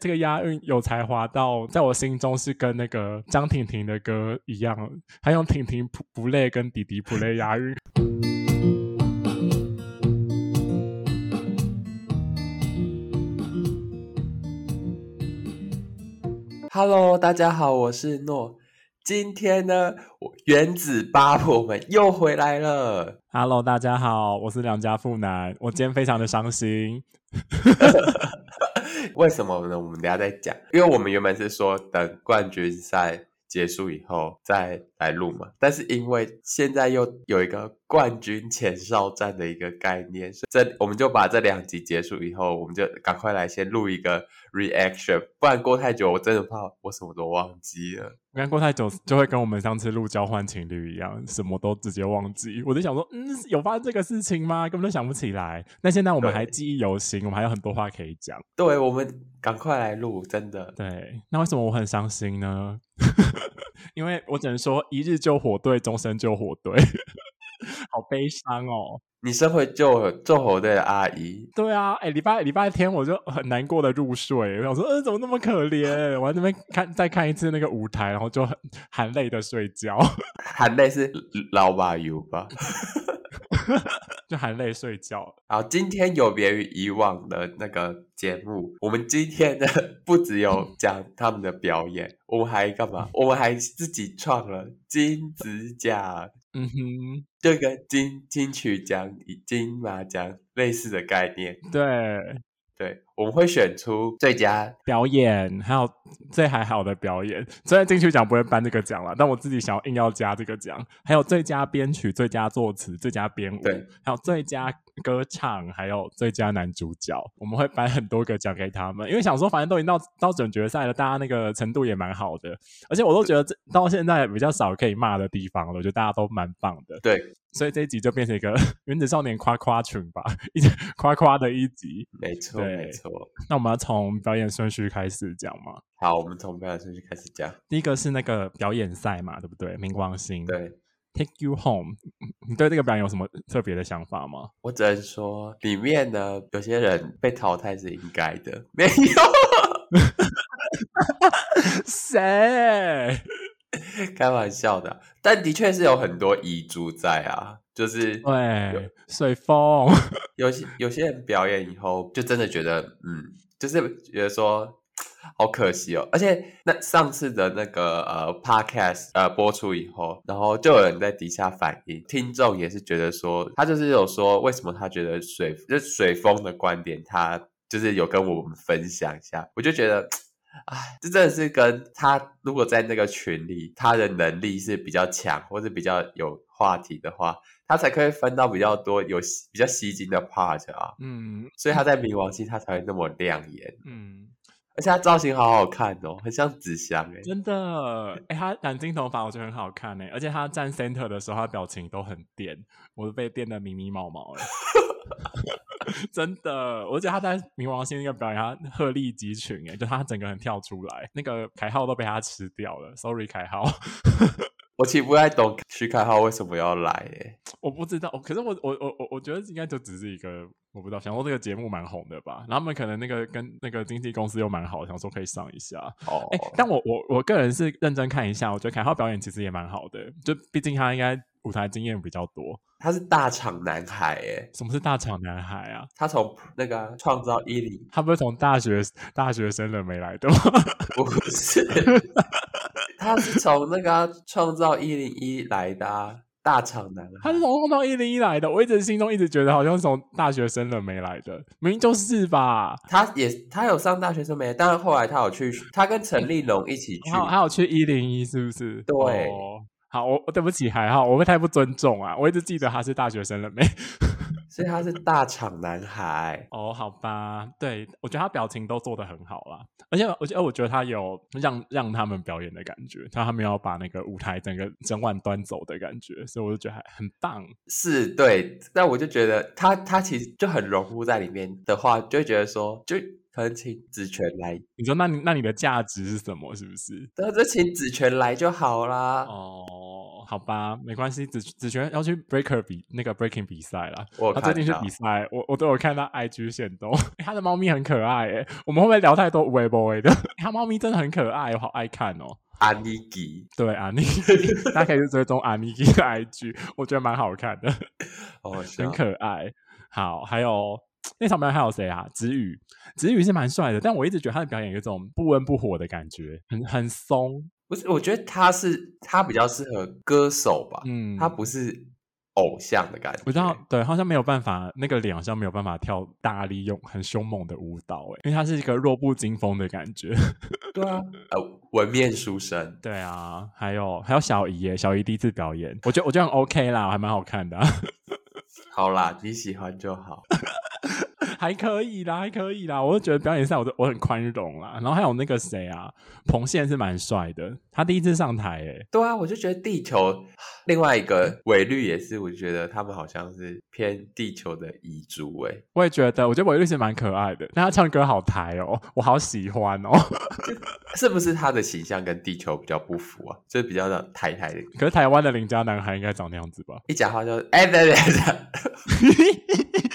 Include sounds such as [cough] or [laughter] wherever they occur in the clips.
這個押韻有才華到，在我心中是跟那個張婷婷的歌一樣，還用“婷婷不不累”跟“弟弟不累”押韻。 [laughs] Hello，大家好，我是諾。今天呢，原子八婆們又回來了。Hello，大家好，我是良家腹男。我今天非常的傷心。 [laughs] [laughs] [laughs] 為什麼呢？我們等下再講，因為我們原本是說等冠軍賽。結束以後再來錄嘛，但是因為現在又有一個冠軍前哨戰的一個概念，所以這我們就把這兩集結束以後，我們就趕快來先錄一個 reaction，不然過太久，我真的怕我什麼都忘記了。不然過太久就會跟我們上次錄交換情侶一樣， [laughs] 什麼都直接忘記。我就想說，嗯，有發生這個事情嗎？根本都想不起來。那現在我們還記憶猶新，我們還有很多話可以講。對，我們趕快來錄，真的。對，那為什麼我很傷心呢？ [laughs] 因為我只能說，一日救火隊，終身救火隊， [laughs] 好悲傷哦！你是會救救火隊的阿姨？對啊，哎、欸，禮拜禮拜天我就很難過的入睡，我想說、欸，怎麼那麼可憐？我在那邊看再看一次那個舞台，然後就很含淚的睡覺，含 [laughs] 淚是老馬油吧。 [laughs] [laughs] 就含淚睡覺了。好，今天有別於以往的那個節目，我們今天的不只有講他們的表演， [laughs] 我們還幹嘛？我們還自己創了金子獎，嗯哼，就跟金金曲獎、金馬獎類似的概念。對，對。我們會選出最佳表演，還有最還好的表演。雖然金曲獎不會頒這個獎了，但我自己想要硬要加這個獎。還有最佳編曲、最佳作詞、最佳編舞，對，還有最佳歌唱，還有最佳男主角。我們會頒很多個獎給他們，因為想說反正都已經到到準決賽了，大家那個程度也蠻好的。而且我都覺得這到現在比較少可以罵的地方了，我覺得大家都蠻棒的。對，所以這一集就變成一個 [laughs] 原子少年誇誇群吧，一直 [laughs] 誇誇的一集。沒錯，沒錯。那我們要從表演順序開始講嗎？好，我們從表演順序開始講。第一個是那個表演賽嘛，對不對？明光星，對，Take You Home。你對這個表演有什麼特別的想法嗎？我只能說，裡面呢有些人被淘汰是應該的，沒有。 [laughs] [laughs] 誰？開玩笑的啊，但的確是有很多遺珠在啊。就是對水風，有些有些人表演以後，就真的覺得嗯，就是覺得說好可惜哦。而且那上次的那個呃，podcast 呃播出以後，然後就有人在底下反映，聽眾也是覺得說，他就是有說為什麼他覺得水就水風的觀點，他就是有跟我們分享一下。我就覺得，哎，這真的是跟他如果在那個群裡，他的能力是比較強，或是比較有話題的話。他才可以分到比較多有比較吸睛的 part 啊，嗯，所以他在冥王星他才會那麼亮眼，嗯，而且他造型好好看哦，很像紙箱誒。真的，誒、欸，他染金頭髮我覺得很好看誒、欸。而且他站 center 的時候，他的表情都很電，我都被電得迷迷茫茫了、欸， [laughs] [laughs] 真的，我覺得他在冥王星那個表演，他鶴立雞群誒、欸，就他整個人跳出來，那個凱浩都被他吃掉了 [laughs] ，sorry 凱凱浩。 [laughs] 我其實不太懂徐凱浩為什麼要來、欸，我不知道。可是我我我我我覺得應該就只是一個我不知道。想說這個節目蠻紅的吧，然後他們，可能那個跟那個經紀公司又蠻好，想說可以上一下。哦、oh. 欸，但我我我個人是認真看一下，我覺得凱浩表演，其實也蠻好的，就畢竟他應該舞台經驗比較多。他是大廠男孩，哎，什麼是大廠男孩啊？他從那個創造一零，他不是從大學大學生了沒來的嗎？不是， [laughs] 他是從那個創造一零一來的、啊，大廠男孩，他是從創造一零一來的。我一直心中一直覺得，好像是從大學生了沒來的，明明就是吧。他也他有上大學生沒來？但後來他有去，他跟陳立農一起去，他有去一零一，是不是？對。Oh. 好，我對不起，還好，我會太不尊重啊！我一直記得他是大學生了沒？ [laughs] 所以他是大廠男孩哦，好吧，對，我覺得他表情都做得很好啦，而且而且，我覺得他有讓讓他們表演的感覺，他還沒有把那個舞台整個整碗端走的感覺，所以我就覺得還很棒。是，對，但我就覺得他他其實就很融入在裡面的話，就會覺得說就。可能請子權來，你說那你那你的價值是什麼？是不是？那就請子權來就好啦。哦，好吧，沒關係。子子權要去 breaker 比那個 breaking 比賽啦。我看她最近去比賽，嗯，我我都有看到 IG 限動，他、欸、的貓咪很可愛誒、欸。我們會不會聊太多 Wayboy 的？他、欸、貓咪真的很可愛，我好愛看哦、喔。Aniki 對 Aniki、啊、 [laughs] 大家可以去追蹤 Aniki、啊、的 IG，我覺得蠻好看的，哦，很可愛。好，還有。那場表演還有誰啊？子宇，子宇是蠻帥的，但我一直覺得他的表演有一種不溫不火的感覺，很很鬆。不是，我覺得他是他比較適合歌手吧，嗯，他不是偶像的感覺。我知道，對，好像沒有辦法，那個臉好像沒有辦法跳大力用很凶猛的舞蹈、欸，哎，因為他是一個弱不禁風的感覺。 [laughs] 對啊，呃，文面書生。對啊，還有還有小姨耶，小姨第一次表演，我覺得我覺得很 OK 啦，還蠻好看的、啊。 [laughs] 好啦，你喜歡就好。 [laughs] 還可以啦，還可以啦，我就覺得表演賽，我都我很寬容啦。然後還有那個誰啊，彭憲是蠻帥的，他第一次上台、欸，誒對啊，我就覺得地球另外一個韋律也是，我就覺得他們好像是偏地球的遺珠，誒，我也覺得，我覺得韋律是蠻可愛的，但他唱歌好台哦、喔，我好喜歡哦、喔， [laughs] 是不是他的形象跟地球比較不符啊？就是比較像台台的，可是台灣的鄰家男孩應該長那樣子吧？一講話就是哎，別別別。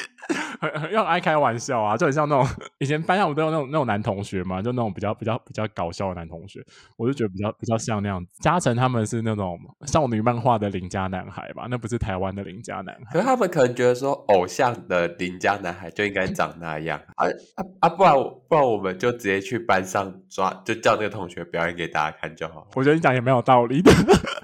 又 [laughs] 愛開玩笑啊，就很像那種以前班上我都有那種那種男同學嘛，就那種比較比較，比較搞笑的男同學。我就覺得比較比較像那樣。嘉誠他們是那種少女漫畫的鄰家男孩吧？那不是台灣的鄰家男孩，可是他們可能覺得說偶像的鄰家男孩就應該長那樣 [laughs] 啊啊啊！不然不然我們就直接去班上抓，就叫那個同學表演給大家看就好。我覺得你講也沒有道理的。 [laughs]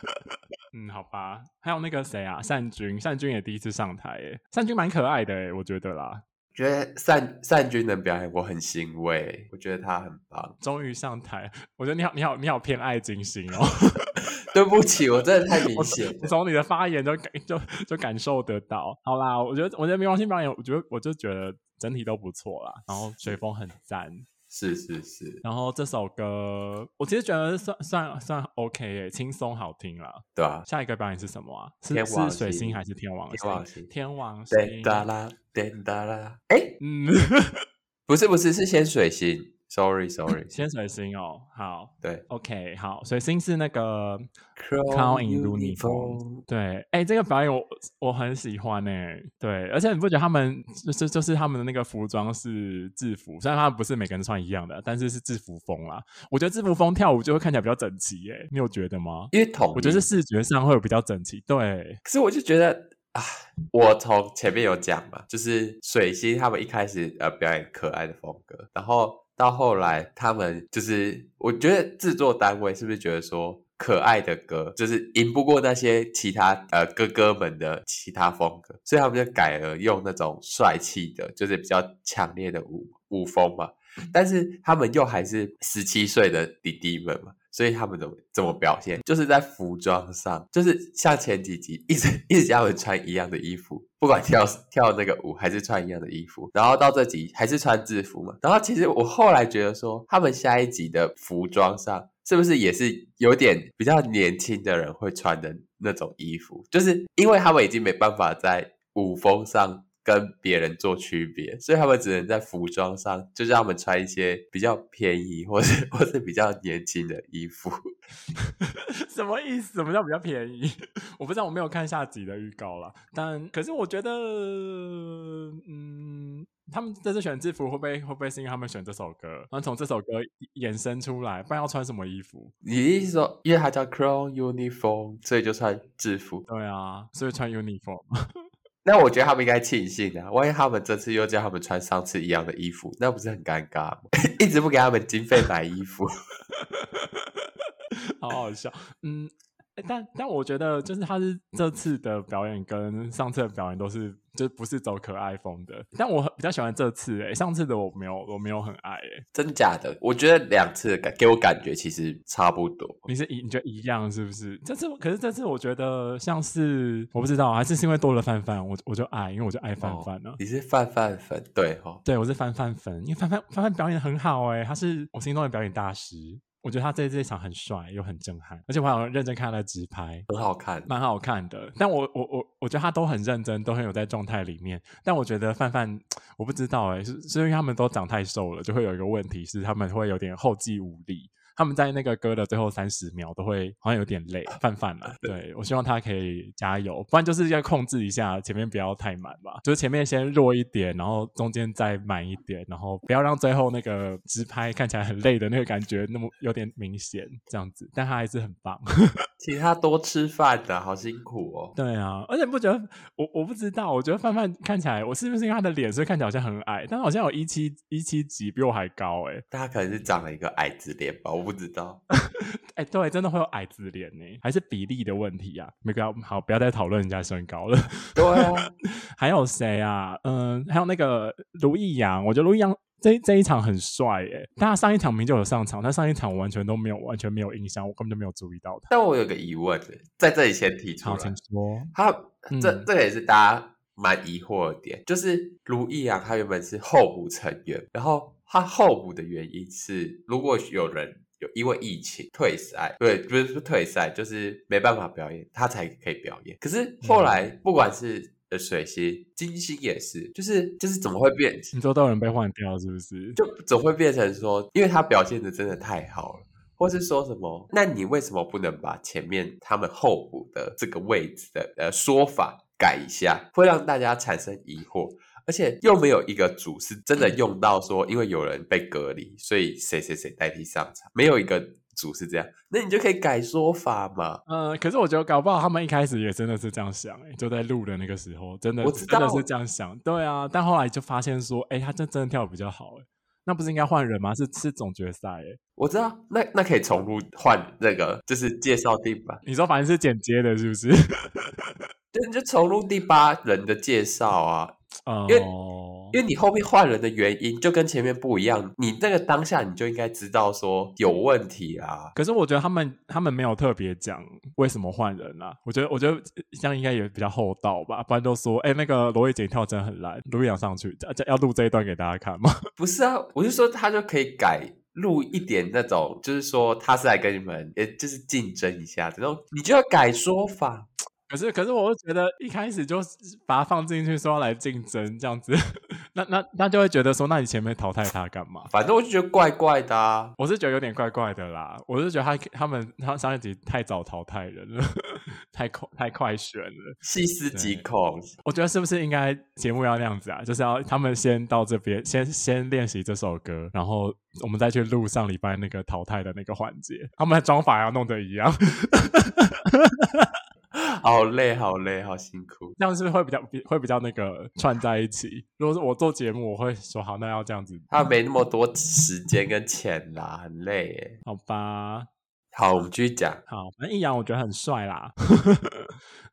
嗯，好吧，還有那個誰啊，善君，善君也第一次上台耶，誒善君蠻可愛的耶，誒我覺得啦，覺得善善君的表演我很欣慰，我覺得他很棒，終於上台，我覺得你好，你好，你好偏愛金星哦，喔， [laughs] 對不起，我真的太明顯，從你的發言就感就就感受得到，好啦，我覺得我覺得冥王星表演，我覺得我就覺得整體都不錯啦，然後水風很讚。是是是，然後這首歌我其實覺得算算算，算 OK，輕鬆好聽了，對吧、啊？下一個表演是什麼啊？天王是是水星還是天王？天王星，天王星，噠啦，噠啦，哎、欸， [laughs] 不是不是，是先水星。Sorry, Sorry，先水星哦，好，對，OK，好，水星是那個，Crow in Uniform，對，哎，這個表演我我很喜歡誒、欸，對，而且你不覺得他們就就是他們的那個服裝是制服，雖然他們不是每個人穿一樣的，但是是制服風啦，我覺得制服風跳舞就會看起來比較整齊誒、欸，你有覺得嗎？因為同我覺得是視覺上會比較整齊，對。可是我就覺得啊，我從前面有講吧，就是水星他們一開始呃表演可愛的風格，然後。到後來，他們就是我覺得製作單位是不是覺得說可愛的歌就是贏不過那些其他呃哥哥們的其他風格，所以他們就改了用那種帥氣的，就是比較強烈的舞舞風嘛。但是他們又還是十七歲的弟弟們嘛。所以他們怎麼怎麼表現，就是在服裝上，就是像前幾集一直一直叫他們穿一樣的衣服，不管跳跳那個舞還是穿一樣的衣服，然後到這集還是穿制服嘛。然後其實我後來覺得說，他們下一集的服裝上是不是也是有點比較年輕的人會穿的那種衣服，就是因為他們已經沒辦法在舞風上。跟別人做區別，所以他們只能在服裝上，就是他們穿一些比較便宜或是或是比較年輕的衣服。 [laughs] 什麼意思？什麼叫比較便宜？我不知道，我沒有看下集的預告啦。但可是我覺得，嗯，他們這次選制服，會不會會不會是因為他們選這首歌，然後從這首歌延伸出來，不然要穿什麼衣服？你意思說，因為它叫 Crown Uniform，所以就穿制服？對啊，所以穿 Uniform。 [laughs] 那我覺得他們應該慶幸的、啊，萬一他們這次又叫他們穿上次一樣的衣服，那不是很尷尬嗎？ [laughs] 一直不給他們經費買衣服 [laughs] ，好好笑， [laughs] 嗯。 [laughs] 但但我覺得，就是他是這次的表演跟上次的表演都是，就不是走可愛風的。但我比較喜歡這次、欸、上次的我沒有我沒有很愛、欸、真假的？我覺得兩次的感給我感覺其實差不多。你是你，你覺得一樣是不是？這次可是這次我覺得像是我不知道，還是是因為多了范范，我我就愛，因為我就愛范范了、啊哦。你是范范粉對哦？對，我是范范粉，因為范范范范表演很好哎、欸，他是我心中的表演大師。我覺得他在這一場很帥，又很震撼，而且我還有認真看他的直拍，很好看，蠻好看的。但我我我我覺得他都很認真，都很有在狀態裡面。但我覺得范范，我不知道誒，是是因為他們都長太瘦了，就會有一個問題是他們會有點後繼無力。他們在那個歌的最後三十秒都會好像有點累。范范啊，對，我希望他可以加油，不然就是要控制一下前面不要太滿吧，就是前面先弱一點，然後中間再滿一點，然後不要讓最後那個直拍看起來很累的那個感覺那麼有點明顯這樣子，但他還是很棒。呵呵。其他多吃飯的、啊、好辛苦哦，對啊，而且不覺得，我我不知道，我覺得范范看起來我是不是因為他的臉所以看起來好像很矮，但好像有一七一七幾比我還高哎、欸，但他可能是長了一個矮子臉吧我不知道，哎、 [laughs] 欸，對，真的會有矮子臉呢，還是比例的問題啊。不要好、好，不要再討論人家身高了。 [laughs] 對啊、哦， [laughs] 還有誰啊？嗯，還有那個盧易陽，我覺得盧易陽，這這一場很帥哎。他上一場明就有上場，他上一場我完全都沒有，完全沒有印象，我根本就沒有注意到他。但我有個疑問，在這裡先提出來，好說他、嗯、這這個、也是大家蠻疑惑的點，就是盧易陽，他原本是候補成員，然後他候補的原因是，如果有人。有因為疫情退賽，對、嗯，不是退賽，就是沒辦法表演，他才可以表演。可是後來、嗯、不管是呃水星、金星也是，就是就是怎麼會變成？你說到人被換掉是不是？就總會變成說，因為他表現的真的太好了，或是說什麼、嗯？那你為什麼不能把前面他們候補的這個位置的呃說法改一下，會讓大家產生疑惑？嗯而且又沒有一個組是真的用到說，因為有人被隔離，所以誰誰誰代替上場，沒有一個組是這樣。那你就可以改說法嘛。嗯、呃，可是我覺得搞不好他們一開始也真的是這樣想、欸，就在錄的那個時候，真的我知道真的是這樣想。對啊，但後來就發現說，哎、欸，他真真的跳得比較好、欸，哎，那不是應該換人嗎？是吃總決賽，哎，我知道，那那可以重錄換那個，就是介紹第八。你說反正是剪接的，是不是？對， [laughs] 就重錄第八人的介紹啊。因為、嗯、因為你後面換人的原因就跟前面不一樣，你那個當下你就應該知道說有問題啊。可是我覺得他們他們沒有特別講為什麼換人啊。我覺得我覺得這樣應該也比較厚道吧，不然都說誒、欸、那個羅偉傑跳真很爛，羅易陽上去要錄這一段給大家看嗎？不是啊，我是說他就可以改錄一點那種，就是說他是來跟你們哎就是競爭一下，這種你就要改說法。可是，可是我就覺得一開始就把他放進去，說要來競爭這樣子，那那那就會覺得說，那你前面淘汰他幹嘛？反正我就覺得怪怪的啊！我是覺得有點怪怪的啦，我是覺得他他們他上一集太早淘汰人了， [laughs] 太快太快選了，細思極恐。我覺得是不是應該節目要那樣子啊？就是要他們先到這邊，先先練習這首歌，然後我們再去錄上禮拜那個淘汰的那個環節，他們的妝法要弄得一樣。 [laughs] [laughs] 好累，好累，好辛苦。這樣是不是會比較比會比較那個串在一起，嗯？如果是我做節目，我會說好，那要這樣子。他沒那麼多時間跟錢啦，啊，很累耶。好吧，好，我們繼續講。好，那易烊我覺得很帥啦，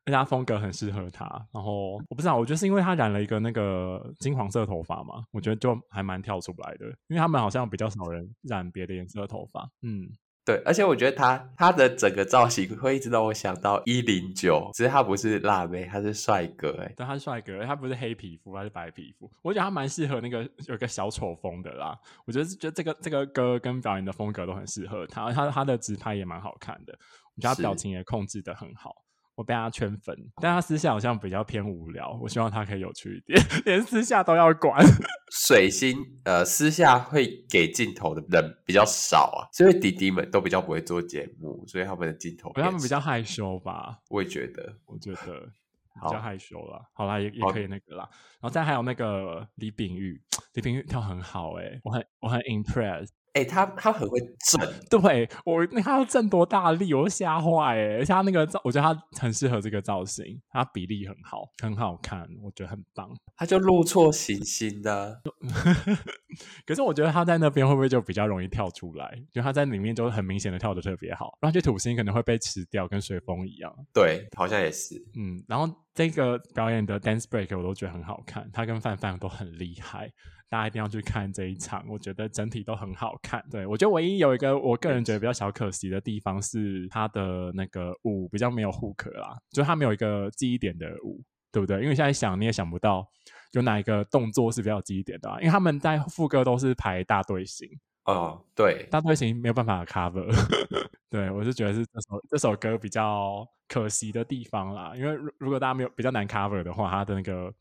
人 [laughs] [laughs] 他風格很適合他。然後我不知道，我覺得是因為他染了一個那個金黃色頭髮嘛，我覺得就還蠻跳出來的。因為他們好像比較少人染別的顏色的頭髮。嗯。對，而且我覺得他他的整個造型會一直讓我想到一零九，其實他不是辣妹，他是帥哥哎、欸。但他是帥哥，他不是黑皮膚，他是白皮膚。我覺得他蠻適合那個有個小丑風的啦。我覺得覺得這個這個歌跟表演的風格都很適合他，他他的直拍也蠻好看的，我覺得他表情也控制的很好。我被他圈粉，但他私下好像比較偏無聊。我希望他可以有趣一點，連私下都要管。 [laughs] 水星，呃，私下會給鏡頭的人比較少啊，所以弟弟們都比較不會做節目，所以他們的鏡頭他們比較害羞吧？我也覺得，我覺得比較害羞啦。好啦，也也可以那個啦。然後，但還有那個李炳玉，李炳玉跳很好誒、欸，我很我很 impressed。哎、欸，他他很會震，對我，他要震多大力，我都嚇壞哎！而且他那個造，我覺得他很適合這個造型，他比例很好，很好看，我覺得很棒。他就落錯行星的， [laughs] 可是我覺得他在那邊會不會就比較容易跳出來？就他在裡面就很明顯的跳的特別好，然後土星可能會被吃掉，跟隨風一樣。對，好像也是。嗯，然後這個表演的 dance break 我都覺得很好看，他跟范范都很厲害。大家一定要去看這一場，我覺得整體都很好看。對，我覺得唯一有一個我個人覺得比較小可惜的地方是他的那個舞比較沒有 hook 啦，就是他沒有一個記憶點的舞，對不對？因為現在想你也想不到有哪一個動作是比較記憶點的。啊，因為他們在副歌都是排大隊形，哦，對，大隊形沒有辦法 cover， [laughs] 對，我是覺得是這首這首歌比較。可惜的地方啦，因為如如果大家沒有比較難 cover 的話，他的那個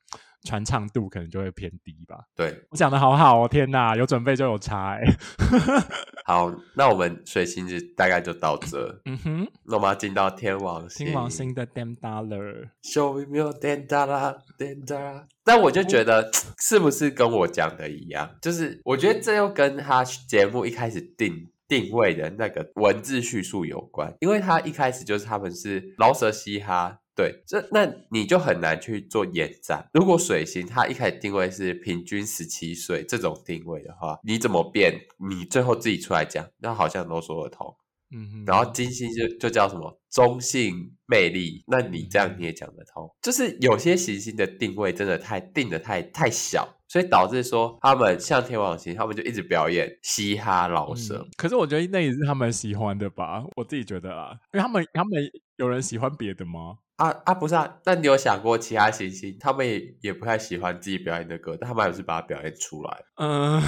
傳唱度可能就會偏低吧。對。我講的好好、哦，我天哪，有準備就有差、 [laughs] 嗯。好，那我們水星就大概就到這。嗯哼，那我們要進到天王星，天王星的 Damn Dollar，m r Show me Damn Dollar，Damn Dollar。 [laughs] 但我就覺得、嗯、是不是跟我講的一樣？就是我覺得這又跟他節目一開始定。定位的那個文字敘述有關，因為他一開始就是他們是饒舌嘻哈，對，這，那你就很難去做延展。如果水星它一開始定位是平均十七歲這種定位的話，你怎麼變？你最後自己出來講，那好像都說得通。嗯哼。然後金星就就叫什麼中性魅力，那你這樣你也講得通。就是有些行星的定位真的太定得太太小，所以導致說他們像天王星，他們就一直表演嘻哈老生。嗯、可是我覺得那也是他們喜歡的吧，我自己覺得啊，因為他們他們有人喜歡別的嗎？啊啊不是啊，但你有想過其他行星，他們也也不太喜歡自己表演的歌，但他們還是把它表演出來。嗯，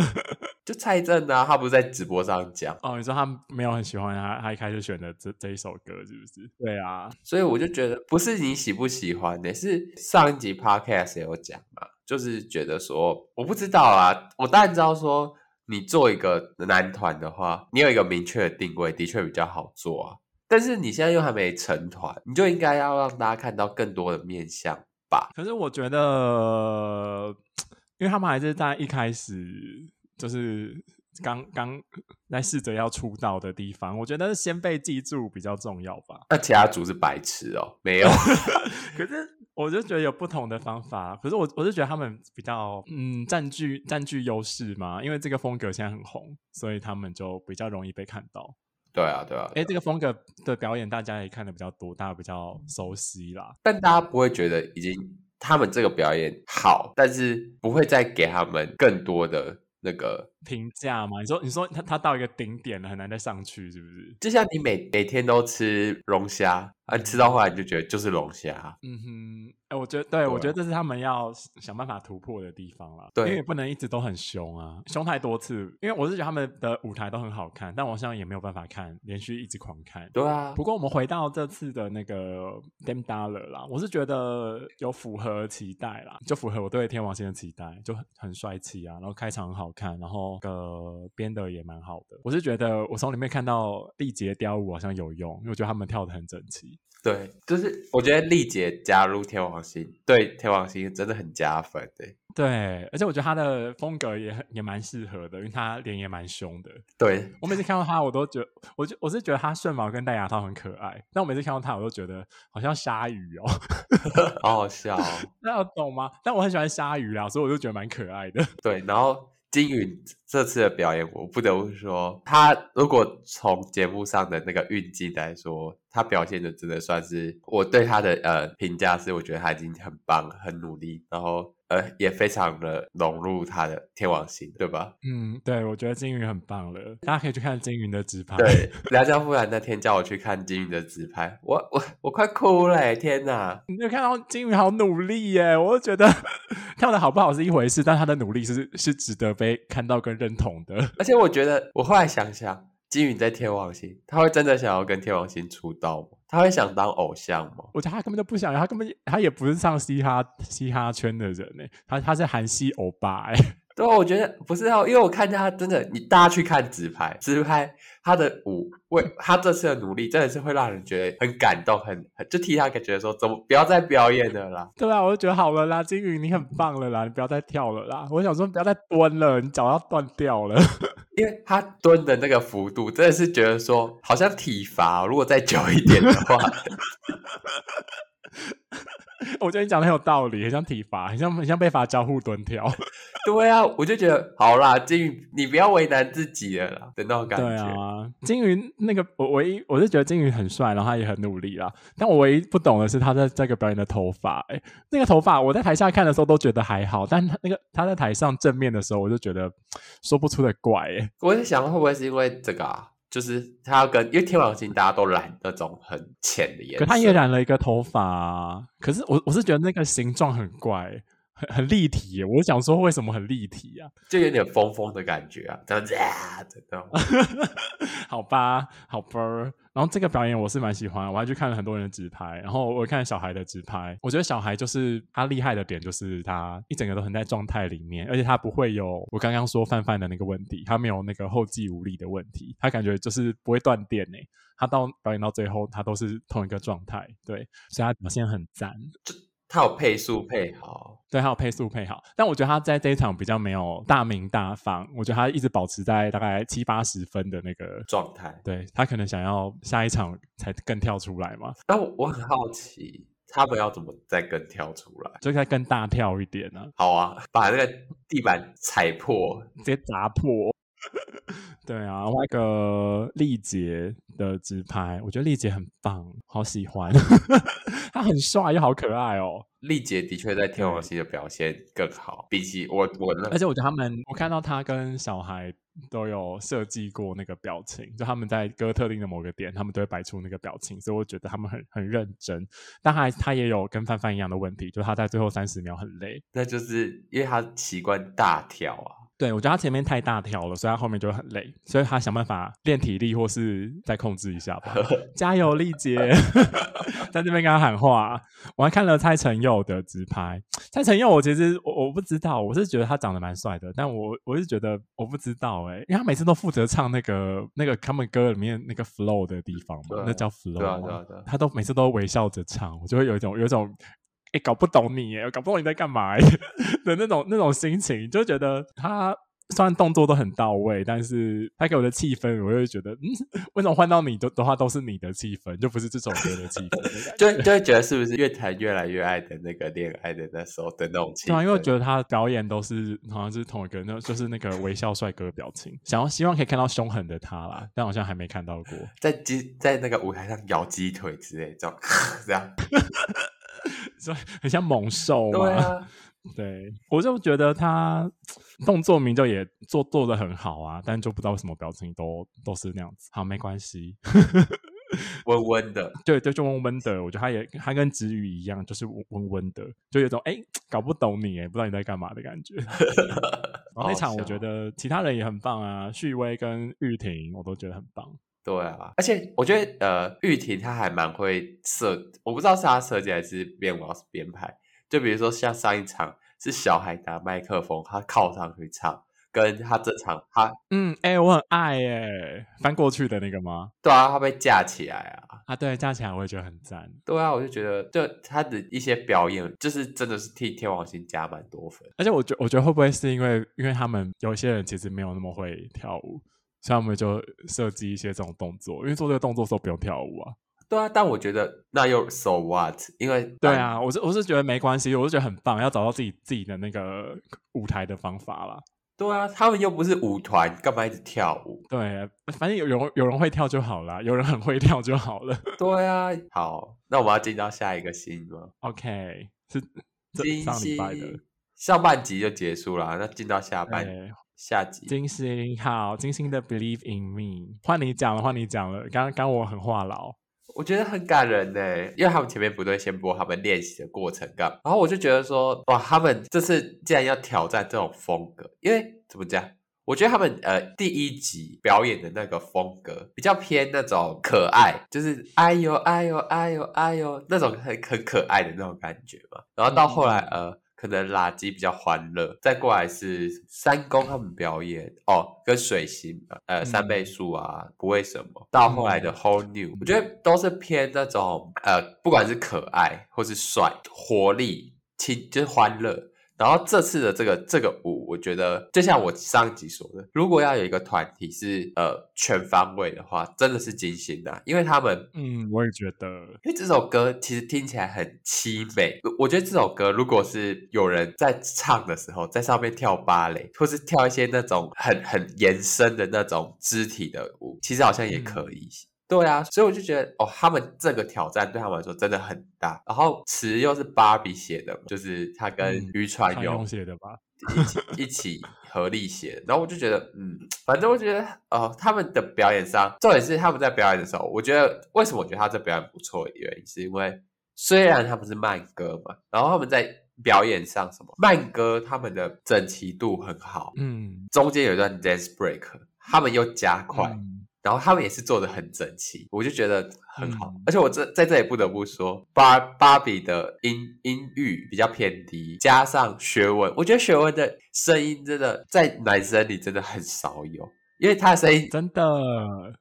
[laughs] 就蔡正啊，他不是在直播上講。哦，你說他沒有很喜歡他，他一開始選的這這一首歌是不是？對啊，所以我就覺得不是你喜不喜歡的、欸，是上一集 podcast 也有講嘛。就是覺得說，我不知道啊，我當然知道說，你做一個男團的話，你有一個明確的定位，的確比較好做啊。但是你現在又還沒成團，你就應該要讓大家看到更多的面向吧。可是我覺得，因為他們還是在一開始，就是剛剛在試着要出道的地方，我覺得是先被記住比較重要吧。那其他組是白痴哦，沒有， [laughs] [laughs] 可是。我就覺得有不同的方法，可是我我就覺得他們比較嗯佔據佔據優勢嘛，因為這個風格現在很紅，所以他們就比較容易被看到。對啊，對啊。哎，這個風格的表演大家也看得比較多，大家比較熟悉啦，但大家不會覺得已經他們這個表演好，但是不會再給他們更多的那個評價嘛？你說，你說他他到一個頂點了，很難再上去，是不是？就像你每每天都吃龍蝦。哎、啊，吃到後來你就覺得就是龍蝦。嗯哼，哎、欸，我覺得，對，對，我覺得這是他們要想辦法突破的地方啦。對，因為不能一直都很凶啊，凶太多次。因為我是覺得他們的舞台都很好看，但我現在也沒有辦法看連續一直狂看。對啊。不過我們回到這次的那個 Damn Dollar 啦，我是覺得有符合期待啦，就符合我對天王星的期待，就很很帥氣啊。然後開場很好看，然後呃編的也蠻好的。我是覺得我從裡面看到力竭跳舞好像有用，因為我覺得他們跳的很整齊。對，就是我覺得麗姐加入天王星，對天王星真的很加分，欸，對。對，而且我覺得她的風格也很也蠻適合的，因為她臉也蠻凶的。對，我每次看到她，我都覺得，我就我是覺得她順毛跟戴牙套很可愛，但我每次看到她，我都覺得好像鯊魚哦，喔， [laughs] 好好笑，喔。那我 [laughs] 懂嗎？但我很喜歡鯊魚啊，所以我就覺得蠻可愛的。對，然後。金宇這次的表演，我不得不說，他如果從節目上的那個運氣來說，他表現的真的算是我對他的呃評價是，我覺得他已經很棒，很努力，然後。呃，也非常的融入他的天王星，對吧？嗯，對，我覺得金宇很棒了，大家可以去看金宇的直拍。對，良家腹男那天叫我去看金宇的直拍，我我我快哭了，天哪！你就看到金宇好努力耶，我就覺得跳的好不好是一回事，但他的努力是是值得被看到跟認同的。而且我覺得，我後來想想，金宇在天王星，他會真的想要跟天王星出道嗎？他會想當偶像嗎？我覺得他根本就不想，他根本，他也不是上嘻哈嘻哈圈的人、欸、他他是韓系歐巴哎、欸。對，我覺得不是哦，因為我看見他真的，你大家去看直拍，直拍他的舞，為他這次的努力真的是會讓人覺得很感動，很很就替他感覺說，怎麼不要再表演了啦？對啊，我就覺得好了啦，金宇你很棒了啦，你不要再跳了啦，我想說不要再蹲了，你腳要斷掉了。 [laughs] 因為他蹲的那個幅度，真的是覺得說，好像體罰哦，如果再久一點的話。 [laughs] [laughs] 我覺得你講得很有道理，很像體罰，很像很像被罰交互蹲跳。 [laughs] 對啊，我就覺得，好啦，金魚，你不要為難自己了啦，等到感覺，對啊，金魚那個我唯一我是覺得金魚很帥，然後他也很努力啦。但我唯一不懂的是他在這個表演的頭髮，欸、那個頭髮我在台下看的時候都覺得還好，但他那個他在台上正面的時候，我就覺得說不出的怪、欸。我在想會不會是因為這個啊？就是他要跟，因為天王星大家都染那種很淺的顏色，他也染了一個頭髮啊，可是我我是覺得那個形狀很怪，很很立體。我想說為什麼很立體啊？就有點瘋瘋的感覺啊，這樣子對嗎、啊？ [laughs] 好吧，好吧然後這個表演我是蠻喜歡，我還去看了很多人的直拍，然後我看小孩的直拍，我覺得小孩就是他厲害的點，就是他一整個都很在狀態裡面，而且他不會有我剛剛說范范的那個問題，他沒有那個後繼無力的問題，他感覺就是不會斷電欸，他到表演到最後他都是同一個狀態，對，所以他表現很讚。他有配速配好，對，他有配速配好。但我覺得他在這一場比較沒有大鳴大放，我覺得他一直保持在大概七八十分的那個狀態。對，他可能想要下一場才更跳出來嘛。但我我很好奇，他們要怎麼再更跳出來，就再更大跳一點呢？啊？好啊，把那個地板踩破，直接砸破。 [laughs] 對啊，我那個麗姐的直拍，我覺得麗姐很棒，好喜歡，她 [laughs] 很帥又好可愛哦。麗姐的確在天王星的表現更好，比起我我，那個。而且我覺得他們，我看到他跟小孩都有設計過那個表情，就他們在歌特定的某個點，他們都會擺出那個表情，所以我覺得他們很很認真。但他他也有跟范范一樣的問題，就是他在最後三十秒很累，那就是因為他習慣大跳啊。對，我覺得他前面太大跳了，所以他後面就很累，所以他想辦法練體力或是再控制一下吧。呵呵加油，麗姐， [laughs] [laughs] 在這邊跟他喊話。我還看了蔡承佑的直拍，蔡承佑，我其實我我不知道，我是覺得他長得蠻帥的，但我我是覺得我不知道哎、欸，因為他每次都負責唱那個那個他們歌裡面那個 flow 的地方嘛，對那叫 flow，對、啊對啊對啊、他都每次都微笑着唱，我就會有一種有一種。欸、搞不懂你、欸，搞不懂你在幹嘛、欸、的那種那種心情，就覺得他雖然動作都很到位，但是他給我的氣氛，我就會覺得，嗯，為什麼換到你的的話都是你的氣氛，就不是這首歌的氣氛？ [laughs] 就就會覺得是不是越談越來越愛的那個戀愛，愛的那時候的那種氣氛？對、啊、因為我覺得他表演都是好像是同一個，那就是那個微笑帥哥表情，想要希望可以看到凶狠的他啦，但好像還沒看到過，在雞在那個舞台上咬雞腿之類的這種這樣。 [laughs] 就很像猛獸 [laughs] 啊，對，我就覺得他動作名就也做做得很好啊，但就不知道為什麼表情都都是那樣子。好，沒關係，溫 [laughs] 溫的，對對，就溫溫的。我覺得他也他跟子宇一樣，就是溫溫的，就有種哎、欸、搞不懂你、欸、不知道你在幹嘛的感覺。 [laughs] [laughs] 然後那場我覺得其他人也很棒啊，旭威跟玉婷我都覺得很棒。對啊，而且我覺得，呃，玉婷她還蠻會設，我不知道是她設計還是編舞老師編排。就比如說像上一場是小孩拿麥克風，他靠上去唱，跟他這場他，嗯，哎、欸，我很愛、欸，哎，翻過去的那個嗎？對啊，他被架起來啊，啊，對，架起來，我也覺得很讚。對啊，我就覺得，就他的一些表演，就是真的是替天王星加蠻多分。而且我覺得，我覺得會不會是因為，因為他們有些人其實沒有那麼會跳舞。所以我們就設計一些這種動作，因為做這個動作的時候不用跳舞啊。對啊，但我覺得那又 so what？因為對啊，我是我是覺得沒關係，我是覺得很棒，要找到自己自己的那個舞台的方法啦。對啊，他們又不是舞團，幹嘛一直跳舞？對啊，反正有有有人會跳就好啦，有人很會跳就好了。對啊，好，那我們要進到下一個星了。OK，是這星星上禮拜的上半集就結束了，那進到下半集。下集金星好，金星的 Believe in Me，換你講了，換你講了。剛剛我很話癆，我覺得很感人呢、欸，因為他們前面不對，先播他們練習的過程，幹，然後我就覺得說，哇，他們這次竟然要挑戰這種風格，因為怎麼講？我覺得他們呃，第一集表演的那個風格比較偏那種可愛，就是哎呦哎呦哎呦哎呦、呦、呦、呦那種很很可愛的那種感覺嘛，然後到後來呃、嗯。嗯可能垃圾比較歡樂，再過來是三公他們表演哦，跟水星呃，嗯，三倍數啊，不為什麼，到後來的 Whole New，嗯，我覺得都是偏那種呃，不管是可愛或是帥、活力、情，就是歡樂。然後這次的這個這個舞，我覺得就像我上集說的，如果要有一個團體是呃全方位的話，真的是驚心的、啊，因為他們，嗯，我也覺得，因為這首歌其實聽起來很淒美，我覺得這首歌如果是有人在唱的時候，在上面跳芭蕾，或是跳一些那種很很延伸的那種肢體的舞，其實好像也可以。嗯對啊，所以我就覺得哦，他們這個挑戰對他們來說真的很大。然後詞又是芭比寫的，就是他跟宇川勇一起、嗯、 [laughs] 一起一起合力寫。然後我就覺得，嗯，反正我覺得、哦，他們的表演上，重點是他們在表演的時候，我覺得為什麼我覺得他這表演不錯的原因，是因為雖然他們是慢歌嘛，然後他們在表演上什麼慢歌，他們的整齊度很好，嗯，中間有一段 dance break，他們又加快。嗯然後他們也是做的很整齊，我就覺得很好。嗯、而且我這在這裡不得不說，芭芭比的音音域比較偏低，加上學文，我覺得學文的聲音真的在男生裡真的很少有，因為他的聲音真的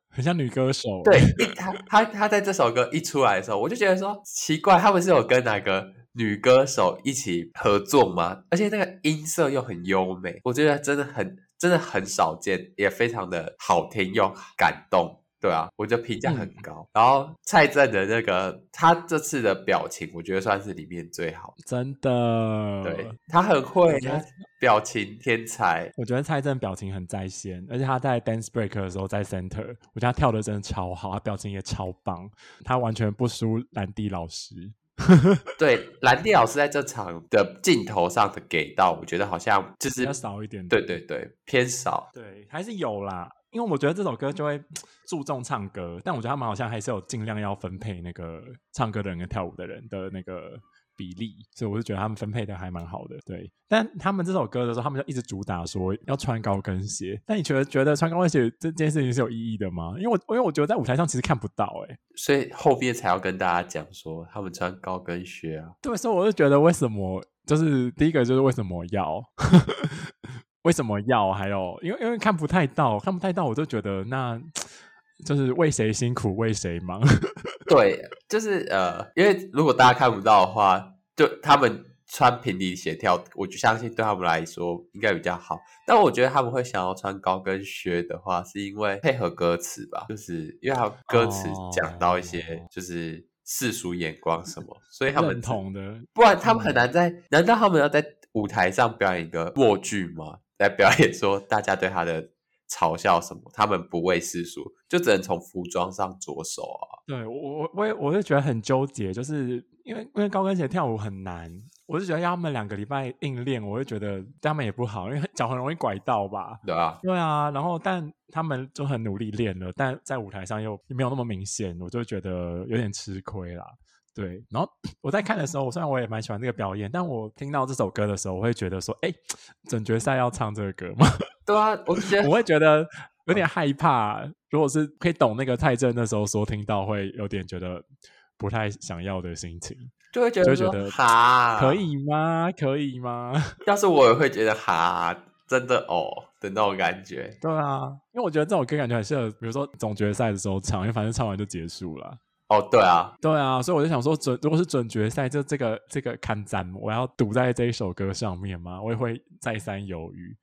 很像女歌手。對，一他他他在這首歌一出來的時候，我就覺得說奇怪，他們是有跟哪個女歌手一起合作嗎？而且那個音色又很優美，我覺得真的很。真的很少見，也非常的好聽又感動，對啊，我覺得評價很高。嗯。然後蔡振的那個他這次的表情，我覺得算是裡面最好，真的。對，他很會，他表情天才。我覺得蔡振表情很在線，而且他在 dance break 的時候在 center，我覺得他跳的真的超好，他表情也超棒，他完全不輸蘭迪老師。 [laughs] 對，藍地老師在這場的鏡頭上的給到，我覺得好像就是要少一點的，對對對，偏少，對，還是有啦，因為我覺得這首歌就會注重唱歌，但我覺得他們好像還是有儘量要分配那個唱歌的人跟跳舞的人的那個。比例，所以我是覺得他們分配的還蠻好的，對。但他們這首歌的時候，他們就一直主打說要穿高跟鞋。但你覺得覺得穿高跟鞋這件事情是有意義的嗎？因為我，我因為我覺得在舞台上其實看不到、欸，哎，所以後面才要跟大家講說他們穿高跟鞋啊。對，所以我就覺得為什麼，就是第一個就是為什麼要， [laughs] 為什麼要？還有因為因為看不太到，看不太到，我就覺得那就是為誰辛苦為誰忙。 [laughs] 對，就是呃，因為如果大家看不到的話，就他們穿平底鞋跳，我就相信對他們來說應該比較好。但我覺得他們會想要穿高跟靴的話，是因為配合歌詞吧，就是因為他歌詞講到一些、哦、就是世俗眼光什麼，所以他們同的，不然他們很難在、哦。難道他們要在舞台上表演一個默劇嗎？來表演說大家對他的。嘲笑什麼？他們不畏世俗，就只能從服裝上着手啊。對我我我我就覺得很糾結，就是因為因為高跟鞋跳舞很難，我就覺得要他們兩個禮拜硬練，我就覺得他們也不好，因為腳很容易拐到吧。對啊，對啊。然後，但他們就很努力練了，但在舞台上又沒有那麼明顯，我就覺得有點吃虧啦。對，然後我在看的時候，我雖然我也蠻喜歡這個表演，但我聽到這首歌的時候，我會覺得說：“哎、欸，總決賽要唱這個歌嗎？”對啊，我覺得我會覺得有點害怕。嗯、如果是可以懂那個泰正的時候說，說聽到會有點覺得不太想要的心情，就會覺得就會覺得哈，可以嗎？可以嗎？要是我也會覺得哈，真的哦的那種感覺。對啊，因為我覺得這首歌感覺還是，比如說總決賽的時候唱，因為反正唱完就結束了。哦、oh，對啊，對啊，所以我就想說，準如果是準決賽，就這個這個看展，我要賭在這一首歌上面嗎？我也會再三猶豫，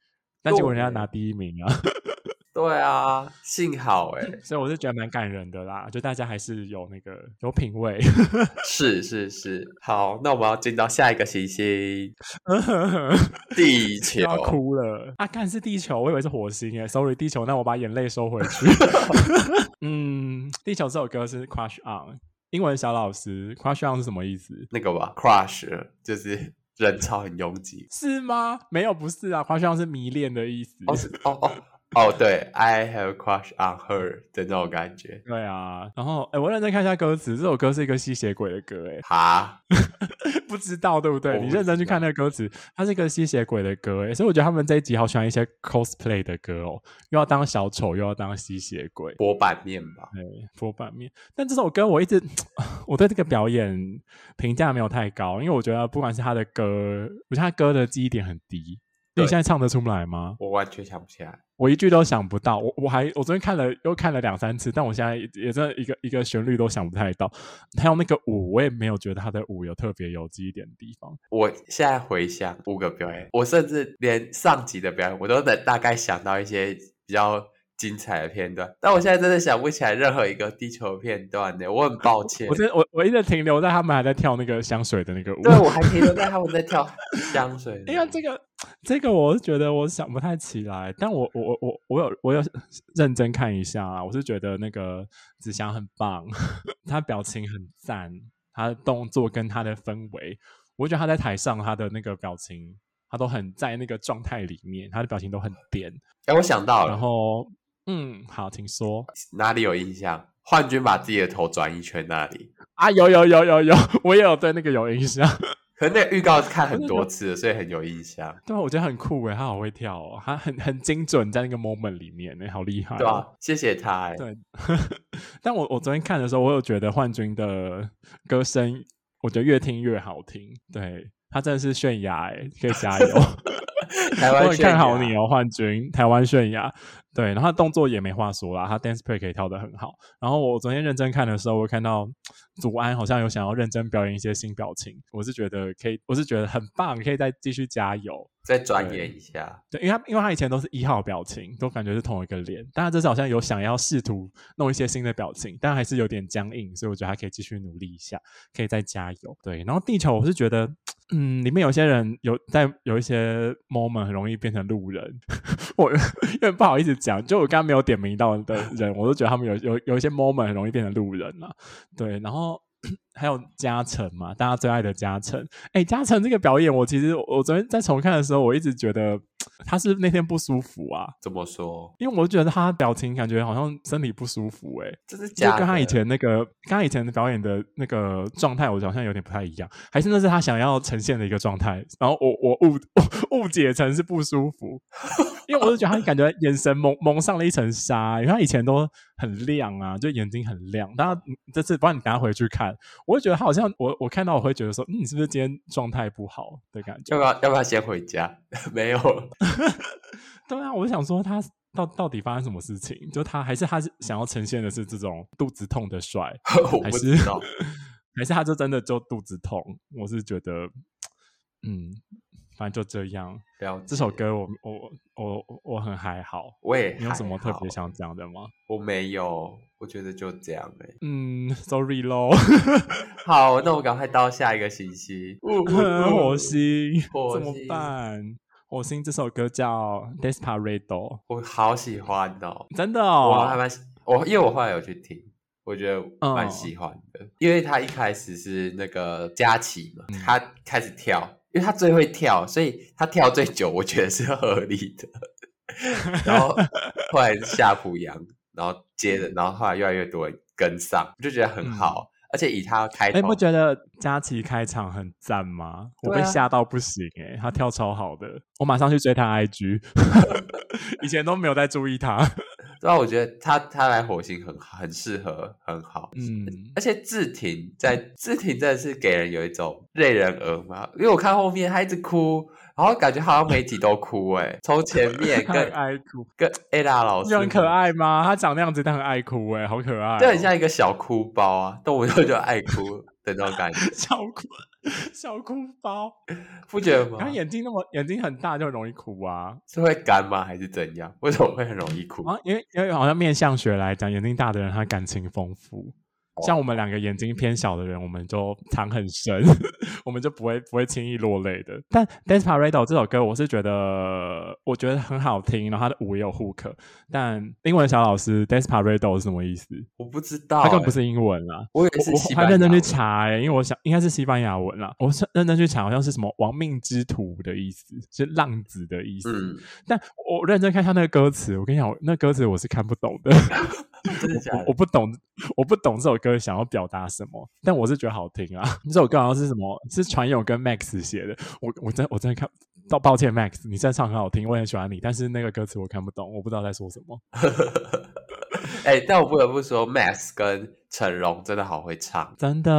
但結果人家拿第一名啊。 [laughs] 對啊，幸好哎、欸，所以我是覺得蠻感人的啦，就大家還是有那個有品味， [laughs] 是是是。好，那我們要進到下一個行星， [laughs] 地球，要哭了。阿、啊、幹是地球，我以為是火星耶，Sorry，地球，那我把眼淚收回去。 [laughs] [laughs] 嗯，地球這首歌是 Crush On 英文小老師，Crush On 是什麼意思？那個吧，Crush 就是人潮很擁擠， [laughs] 是嗎？沒有，不是啊，Crush On 是迷戀的意思。哦哦。哦、oh，對，I have crush on her 的這種感覺。對啊，然後誒我認真看一下歌詞，這首歌是一個吸血鬼的歌，哎，哈， [laughs] 不知道對不對，哦？你認真去看那個歌詞，它是一個吸血鬼的歌，哎，所以我覺得他們這一集好喜歡一些 cosplay 的歌哦，又要當小丑，又要當吸血鬼，播版面吧？對，播版面。但這首歌，我一直我對這個表演評價沒有太高，因為我覺得不管是他的歌，我覺得他歌的記憶點很低。你現在唱得出來嗎？我完全想不起來，我一句都想不到。我我還我昨天看了又看了兩三次，但我現在也真的一個一個旋律都想不太到。還有那個舞，我也沒有覺得他的舞有特別有記憶點的地方。我現在回想五個表演，我甚至連上集的表演，我都能大概想到一些比較，精彩的片段，但我現在真的想不起來任何一個地球片段的，我很抱歉。我真我我一直停留在他們還在跳那個香水的那個舞，對我還停留在他們在跳香水。哎呀，這個這個我是覺得我想不太起來，但我我我我，我有我有認真看一下啊，我是覺得那個子祥很棒，他表情很讚，他的動作跟他的氛圍，我覺得他在台上他的那個表情，他都很在那個狀態裡面，他的表情都很顛。哎、啊，我想到了，然後。嗯，好，請說。哪裡有印象？幻君，把自己的頭轉一圈哪裡，那裡啊，有有有有有，我也有對那個有印象。 [laughs] 可能那個預告是看很多次， [laughs] 所以很有印象。對，我覺得很酷哎、欸，他好會跳哦、喔，他很很精準在那個 moment 裡面、欸，那好厲害、喔。對，謝謝他、欸。對， [laughs] 但我我昨天看的時候，我有覺得幻君的歌聲，我覺得越聽越好聽。對，他真的是炫雅哎、欸，可以加油。 [laughs] 台灣 [laughs] 我很看好你哦，幻君。台灣泫雅對，然後動作也沒話說啦。他 dance break 可以跳得很好。然後我昨天認真看的時候，我看到祖安好像有想要認真表演一些新表情。我是覺得可以，我是覺得很棒，可以再繼續加油，再鑽研一下對。對，因為他因為他以前都是一號表情，都感覺是同一個臉，但他這次好像有想要試圖弄一些新的表情，但還是有點僵硬，所以我覺得還可以繼續努力一下，可以再加油。對，然後地球，我是覺得。嗯，裡面有些人有在有一些 moment 很容易變成路人， [laughs] 我有點不好意思講，就我剛剛沒有點名到的人， [laughs] 我都覺得他們有有有一些 moment 很容易變成路人了、啊。對，然後還有嘉誠嘛，大家最愛的嘉誠，哎、欸，嘉誠這個表演，我其實我昨天在重看的時候，我一直覺得。他是，是那天不舒服啊？怎麼說？因為我就覺得他的表情感覺好像身體不舒服、欸，誒。這是就是、跟他以前那個，跟他以前的表演的那個狀態，我覺得好像有點不太一樣。還是那是他想要呈現的一個狀態？然後我我誤誤解成是不舒服， [laughs] 因為我就覺得他感覺眼神蒙蒙上了一層紗，因為他以前都。很亮啊，就眼睛很亮。但這次幫你拿回去看，我會覺得他好像我我看到我會覺得說，嗯，你是不是今天狀態不好的感覺？要不要要不要先回家？沒有。 [laughs] 對啊，我想說他到到底發生什麼事情？就他還是他想要呈現的是這種肚子痛的帥，還 [laughs] 是知 [laughs] 還是他就真的就肚子痛？我是覺得，嗯。反正就這樣。這首歌我我我我，我很還好。我也，你有什麼特別想講的嗎？我沒有，我覺得就這樣、欸、嗯，sorry 嘍。 [laughs] 好，那我趕快到下一個星期。我火星，火星， [laughs] 火星，火星這首歌叫《Desperado》，我好喜歡的、哦，真的哦。我還蠻，我因為我後來有去聽，我覺得蠻喜歡的、嗯，因為他一開始是那個佳琪嘛，他開始跳。因為他最會跳，所以他跳最久，我覺得是合理的。 [laughs] 然後後來下濮陽，然後接着，然後後來越來越多跟上，我就覺得很好、嗯。而且以他開頭，你、欸、不覺得佳琪開場很讚嗎、啊？我被嚇到不行誒、欸，他跳超好的，我馬上去追他 IG， [laughs] 以前都沒有在注意他。對啊，我覺得他他來火星很很適合，很好。是是嗯，而且志廷在志廷真的是給人有一種淚人兒嘛，因為我看後面他一直哭，然後感覺好像媒體都哭哎、欸，從前面跟 [coughs] 愛哭跟 Ella 老師就很可愛嗎？他長那樣子，他很愛哭哎、欸，好可愛、哦，就很像一個小哭包啊，動不動就愛哭的那種感覺，笑哭。 [laughs] 小哭包，不覺得嗎？他眼睛那麼眼睛很大，就容易哭啊。是會幹嗎，還是怎樣？為什麼會很容易哭啊？因為因為好像面相學來講，眼睛大的人他感情豐富。像我們兩個眼睛偏小的人，嗯、我們就藏很深， [laughs] 我們就不會不會輕易落淚的。但《Desperado》這首歌，我是覺得我覺得很好聽，然後它的舞也有 hook。但英文小老師，《Desperado》是什麼意思？我不知道、欸，它更不是英文啦，我也是西班牙，我他認真去查哎，欸，因為我想應該是西班牙文啦。我認真去查，好像是什麼亡命之徒的意思，就是浪子的意思。嗯，但我認真看下那個歌詞，我跟你講，那歌詞我是看不懂的。嗯 [laughs] 我，我，我不懂，我不懂這首歌想要表達什麼，但我是覺得好聽啊。這首歌好像是什麼，是傳友跟 Max 寫的。我我真的我真的看到，抱歉 Max，你真的唱很好聽，我也喜歡你，但是那個歌詞我看不懂，我不知道在說什麼。 [laughs] 欸，但我不得不說，Max 跟成龍真的好會唱，真的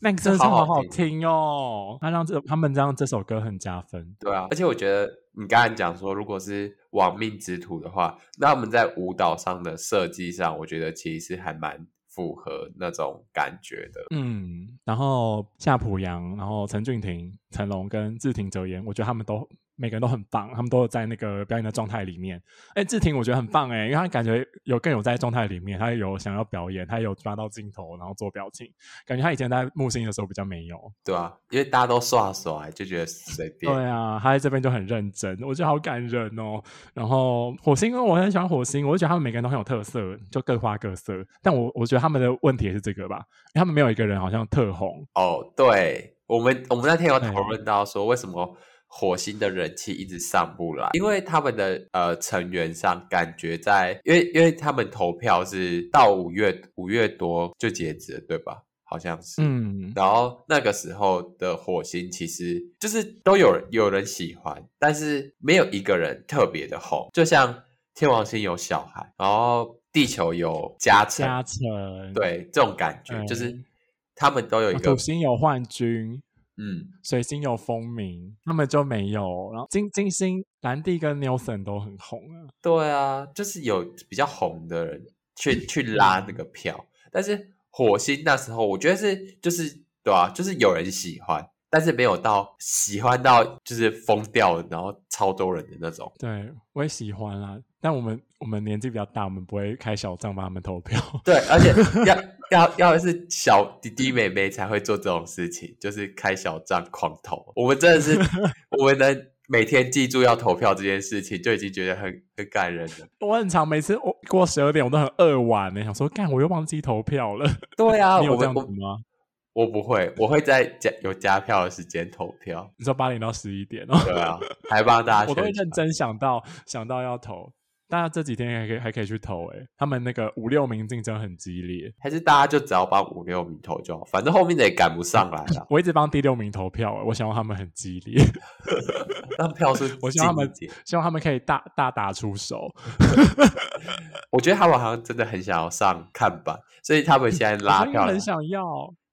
，Max 真的好好聽哦。好好聽。他讓這他們讓這首歌很加分，對啊。而且我覺得你剛才講說，如果是亡命之徒的話，那我們在舞蹈上的設計上，我覺得其實還蠻符合那種感覺的。嗯，然後夏普陽，然後陳俊廷、成龍跟志廷哲言，我覺得他們都。每個人都很棒，他們都有在那個表演的狀態裡面。哎、欸，志婷我覺得很棒哎、欸，因為他感覺有更有在狀態裡面，他有想要表演，他有抓到鏡頭，然後做表情，感覺他以前在木星的時候比較沒有。對啊，因為大家都耍帥，就覺得隨便。對啊，他在這邊就很認真，我覺得好感人哦。然後火星，因為我很喜歡火星，我就覺得他們每個人都很有特色，就各花各色。但我我覺得他們的問題也是這個吧，因為他們沒有一個人好像特紅。哦，對，我們我們那天有討論到說為什麼、嗯。嗯火星的人氣一直上不來，因為他們的呃成員上感覺在，因為因為他們投票是到五月五月多就截止了，對吧？好像是，嗯。然後那個時候的火星其實就是都有人有人喜歡，但是沒有一個人特別的紅，就像天王星有小孩，然後地球有家丞，家丞，對，這種感覺，嗯、就是他們都有一個火星有幻君。嗯，水星有風鳴，他們就沒有。然後金金星、藍帝跟 Nelson 都很紅啊。對啊，就是有比較紅的人去 [laughs] 去拉那個票。但是火星那時候，我覺得是就是對啊，就是有人喜歡，但是沒有到喜歡到就是瘋掉了，然後超多人的那種。對，我也喜歡啊。但我們我們年紀比較大，我們不會開小賬幫他們投票。對，而且要 [laughs] 要要是小弟弟妹妹才會做這種事情，就是開小賬狂投。我們真的是， [laughs] 我們能每天記住要投票這件事情，就已經覺得很很感人了。我很常每次我過十二點，我都很扼腕呢，想說幹，我又忘記投票了。對啊， [laughs] 你有這樣子嗎？我，我，我不會，我會在加有加票的時間投票。你說八點到十一點哦？對啊，還幫大家 [laughs] 我都會認真想到想到要投。大家這幾天還可以還可以去投哎、欸，他們那個五六名競爭很激烈，還是大家就只要幫五六名投就好，反正後面的也趕不上來了、啊。 [laughs] 我一直幫第六名投票、欸、我希望他們很激烈，但 [laughs] [laughs] 票是，我希望他們希望他們可以大大打出手。 [laughs] [laughs] 我覺得他們好像真的很想要上看板，所以他們現在拉票 [laughs] 很想要。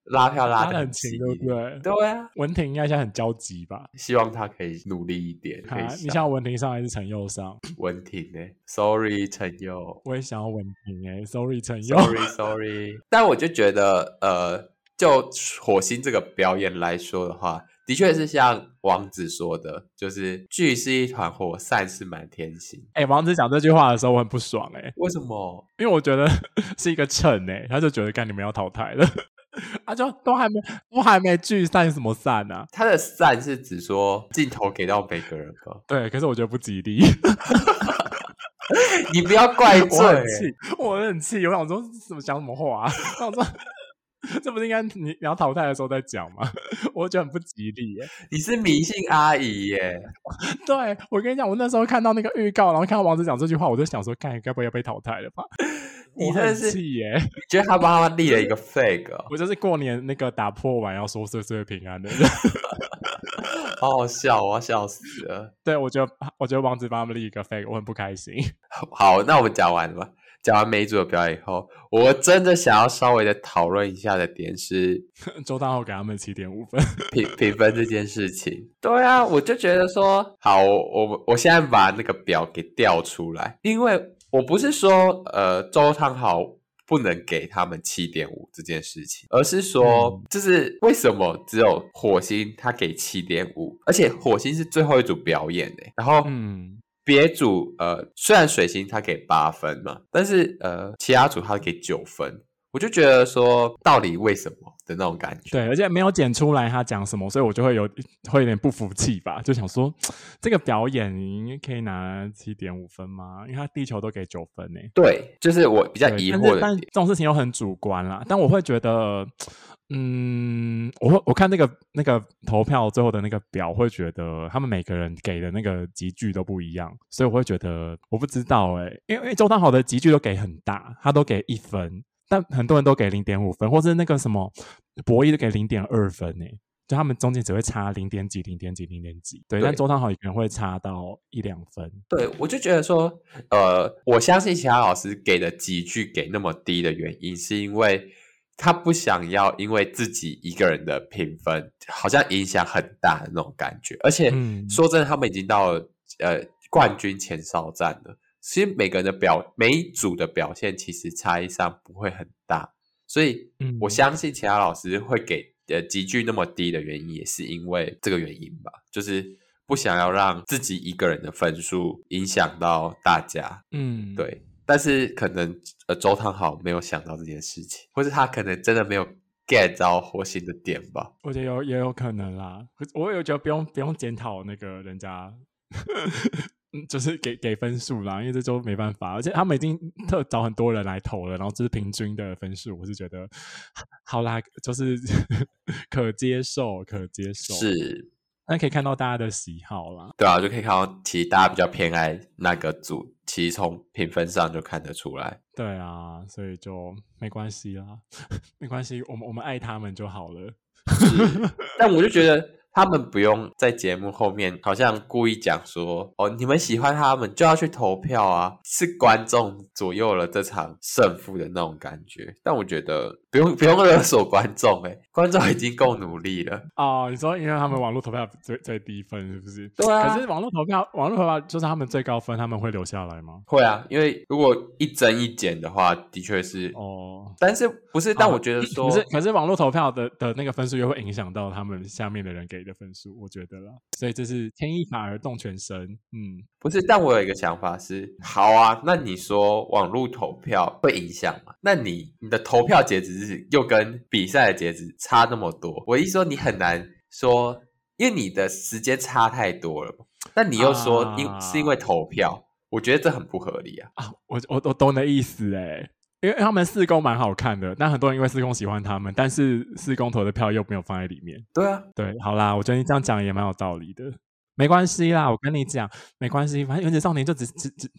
拉票拉得很勤，對不對？對啊，文婷應該現在很焦急吧？希望他可以努力一點。啊、可以你想要文婷上還是陳佑上？文婷呢、欸、sorry，陳佑。我也想要文婷哎、欸、sorry，陳佑。sorry，sorry sorry。 [laughs] 但我就覺得，呃，就火星這個表演來說的話，的確是像王子說的，就是聚是一團火，散是滿天星。哎、欸，王子講這句話的時候，我很不爽哎、欸。為什麼？因為我覺得是一個蠢哎、欸，他就覺得幹你們要淘汰了。他、啊、就都還沒都還沒聚散，什麼散啊？他的散是指說鏡頭給到每個人的。對，可是我覺得不吉利。 [laughs] [laughs] 你不要怪罪、欸，我很氣，我很氣，我想說怎麼講什麼話、啊？我說。 [laughs] 這不是應該你你要淘汰的時候再講嗎？我覺得很不吉利耶。你是迷信阿姨耶！對我跟你講，我那時候看到那個預告，然後看到王子講這句話，我就想說，看，該不會要被淘汰了吧？你真的是，我很氣耶！你覺得他幫他立了一個 flag，我就是過年那個打破碗要說歲歲平安的人， [laughs] [laughs] 好好笑啊！我要笑死了。對我覺得，我覺得王子幫他們立一個 flag，我很不開心。好，那我們講完了吧。講完每一組的表演以後，我真的想要稍微的討論一下的點是，周湯豪給他們七點五分評評分這件事情。對啊，我就覺得說，好，我我現在把那個表給調出來，因為我不是說呃周湯豪不能給他們七點五這件事情，而是說就是為什麼只有火星他給七點五，而且火星是最後一組表演的，欸，然後嗯。別組，呃，雖然水星他給八分嘛，但是呃，其他組他給九分。我就覺得說，到底為什麼的那種感覺？對，而且沒有剪出來他講什麼，所以我就會有會有點不服氣吧，就想說這個表演，應該可以拿七點五分嗎？因為他地球都給九分呢。對，就是我比較疑惑。但,但這種事情又很主觀啦，但我會覺得，嗯，我我看那個那個投票最後的那個表，會覺得他們每個人給的那個級距都不一樣，所以我會覺得我不知道誒，因為因為周湯豪的級距都給很大，他都給一分。但很多人都給零點五分，或者那個什麼博弈都給零點二分呢、欸？就他們中間只會差零點幾、零點幾、零點幾對。對，但周湯豪一個會差到一兩分。對，我就覺得說，呃，我相信其他老師給的幾句給那麼低的原因，是因為他不想要因為自己一個人的評分好像影響很大的那種感覺。而且、嗯、說真的，他們已經到了呃冠軍前哨站了。其實每個人的表，每一組的表現其實差異上不會很大，所以我相信其他老師會給呃積聚那麼低的原因，也是因為這個原因吧，就是不想要讓自己一個人的分數影響到大家，嗯，對。但是可能呃周湯豪沒有想到這件事情，或者他可能真的沒有 get 到火星的點吧。我覺得有也有可能啦，我也有覺得不用不用檢討那個人家。 [laughs] 就是給給分數啦，因為這週沒辦法，而且他們已經特找很多人來投了，然後這是平均的分數，我是覺得好啦，就是可接受，可接受是，那可以看到大家的喜好啦，對啊，就可以看到其實大家比較偏愛那個組，其實從評分上就看得出來，對啊，所以就沒關係啦，沒關係，我們我們愛他們就好了， [laughs] 但我就覺得。他們不用在節目後面好像故意講說哦，你們喜歡他們就要去投票啊，是觀眾左右了這場勝負的那種感覺。但我覺得不用不用勒索觀眾、欸，哎，觀眾已經夠努力了。哦，你說因為他們網絡投票最最低分是不是？對啊。可是網絡投票，網絡投票就是他們最高分，他們會留下來嗎？會啊，因為如果一增一減的話，的確是哦。但是不是？但我覺得說、哦、不是，可是網絡投票的的那個分數又會影響到他們下面的人給。的分數，我覺得了，所以這是牽一髮而動全身。嗯，不是，但我有一個想法是，好啊，那你說網絡投票會影響嗎？那你你的投票截止日又跟比賽的截止差那麼多，我一說你很難說，因為你的時間差太多了。那你又說因是因為投票、啊，我覺得這很不合理啊！啊，我我我懂你的意思哎。因為他們四公蠻好看的，那很多人因為四公喜歡他們，但是四公投的票又沒有放在裡面。對啊，對，好啦，我覺得你這樣講也蠻有道理的。沒關係啦，我跟你講，沒關係，反正原子少年就只只只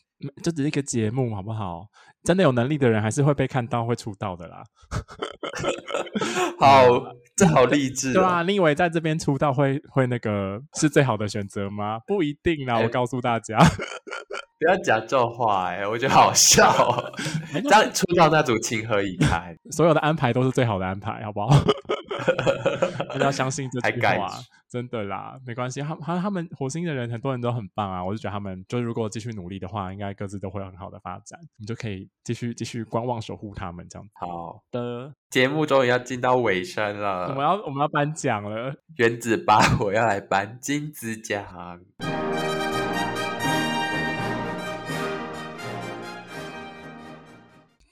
就只是一個節目，好不好？真的有能力的人還是會被看到會出道的啦。 [laughs] 好，這好勵志喔。對啊，你以為在這邊出道會會那個是最好的選擇嗎？不一定啦，我告訴大家。欸不要講這種話哎、欸，我覺得好笑、喔。 [laughs] [laughs] 這樣出道那組情何以堪？ [laughs] 所有的安排都是最好的安排，好不好？ [laughs] 要相信這句話， [laughs] 還真的啦，沒關係。他、他、他們火星的人，很多人都很棒啊。我就覺得他們，就如果繼續努力的話，應該各自都會有很好的發展。我們就可以繼續繼續觀望，守護他們這樣子。好的，節目終於要進到尾聲了，我們要我們要頒獎了。原子吧，我要來頒金子獎。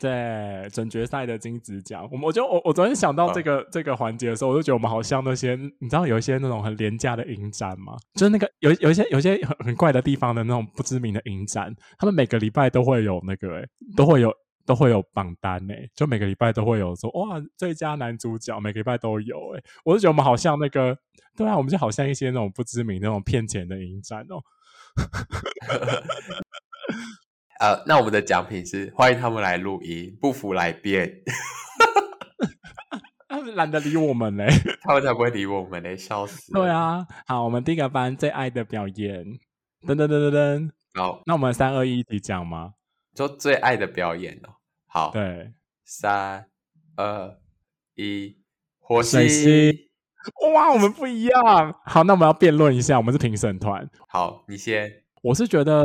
對，準決賽的金子獎，我們我就我我昨天想到這個這個環節的時候，我就覺得我們好像那些，你知道有一些那種很廉價的影展嗎？就是那個有有一些有一些很很怪的地方的那種不知名的影展，他們每個禮拜都會有那個、欸，都會有都會有榜單哎、欸，就每個禮拜都會有說哇最佳男主角，每個禮拜都有、欸、我就覺得我們好像那個，對啊，我們就好像一些那種不知名那種騙錢的影展哦。 [laughs] [laughs] 呃，那我們的獎品是歡迎他們來錄音，不服來辯。懶 [laughs] [laughs] 得理我們嘞、欸，他們才不會理我們嘞、欸，笑死。對啊，好，我們第一個班最愛的表演，噔噔噔噔噔。好、哦、那我們三二一一起講嗎？就最愛的表演哦。好，對，三二一，火星。水星。哇，我們不一樣。好，那我們要辯論一下，我們是評審團。好，你先。我是覺得。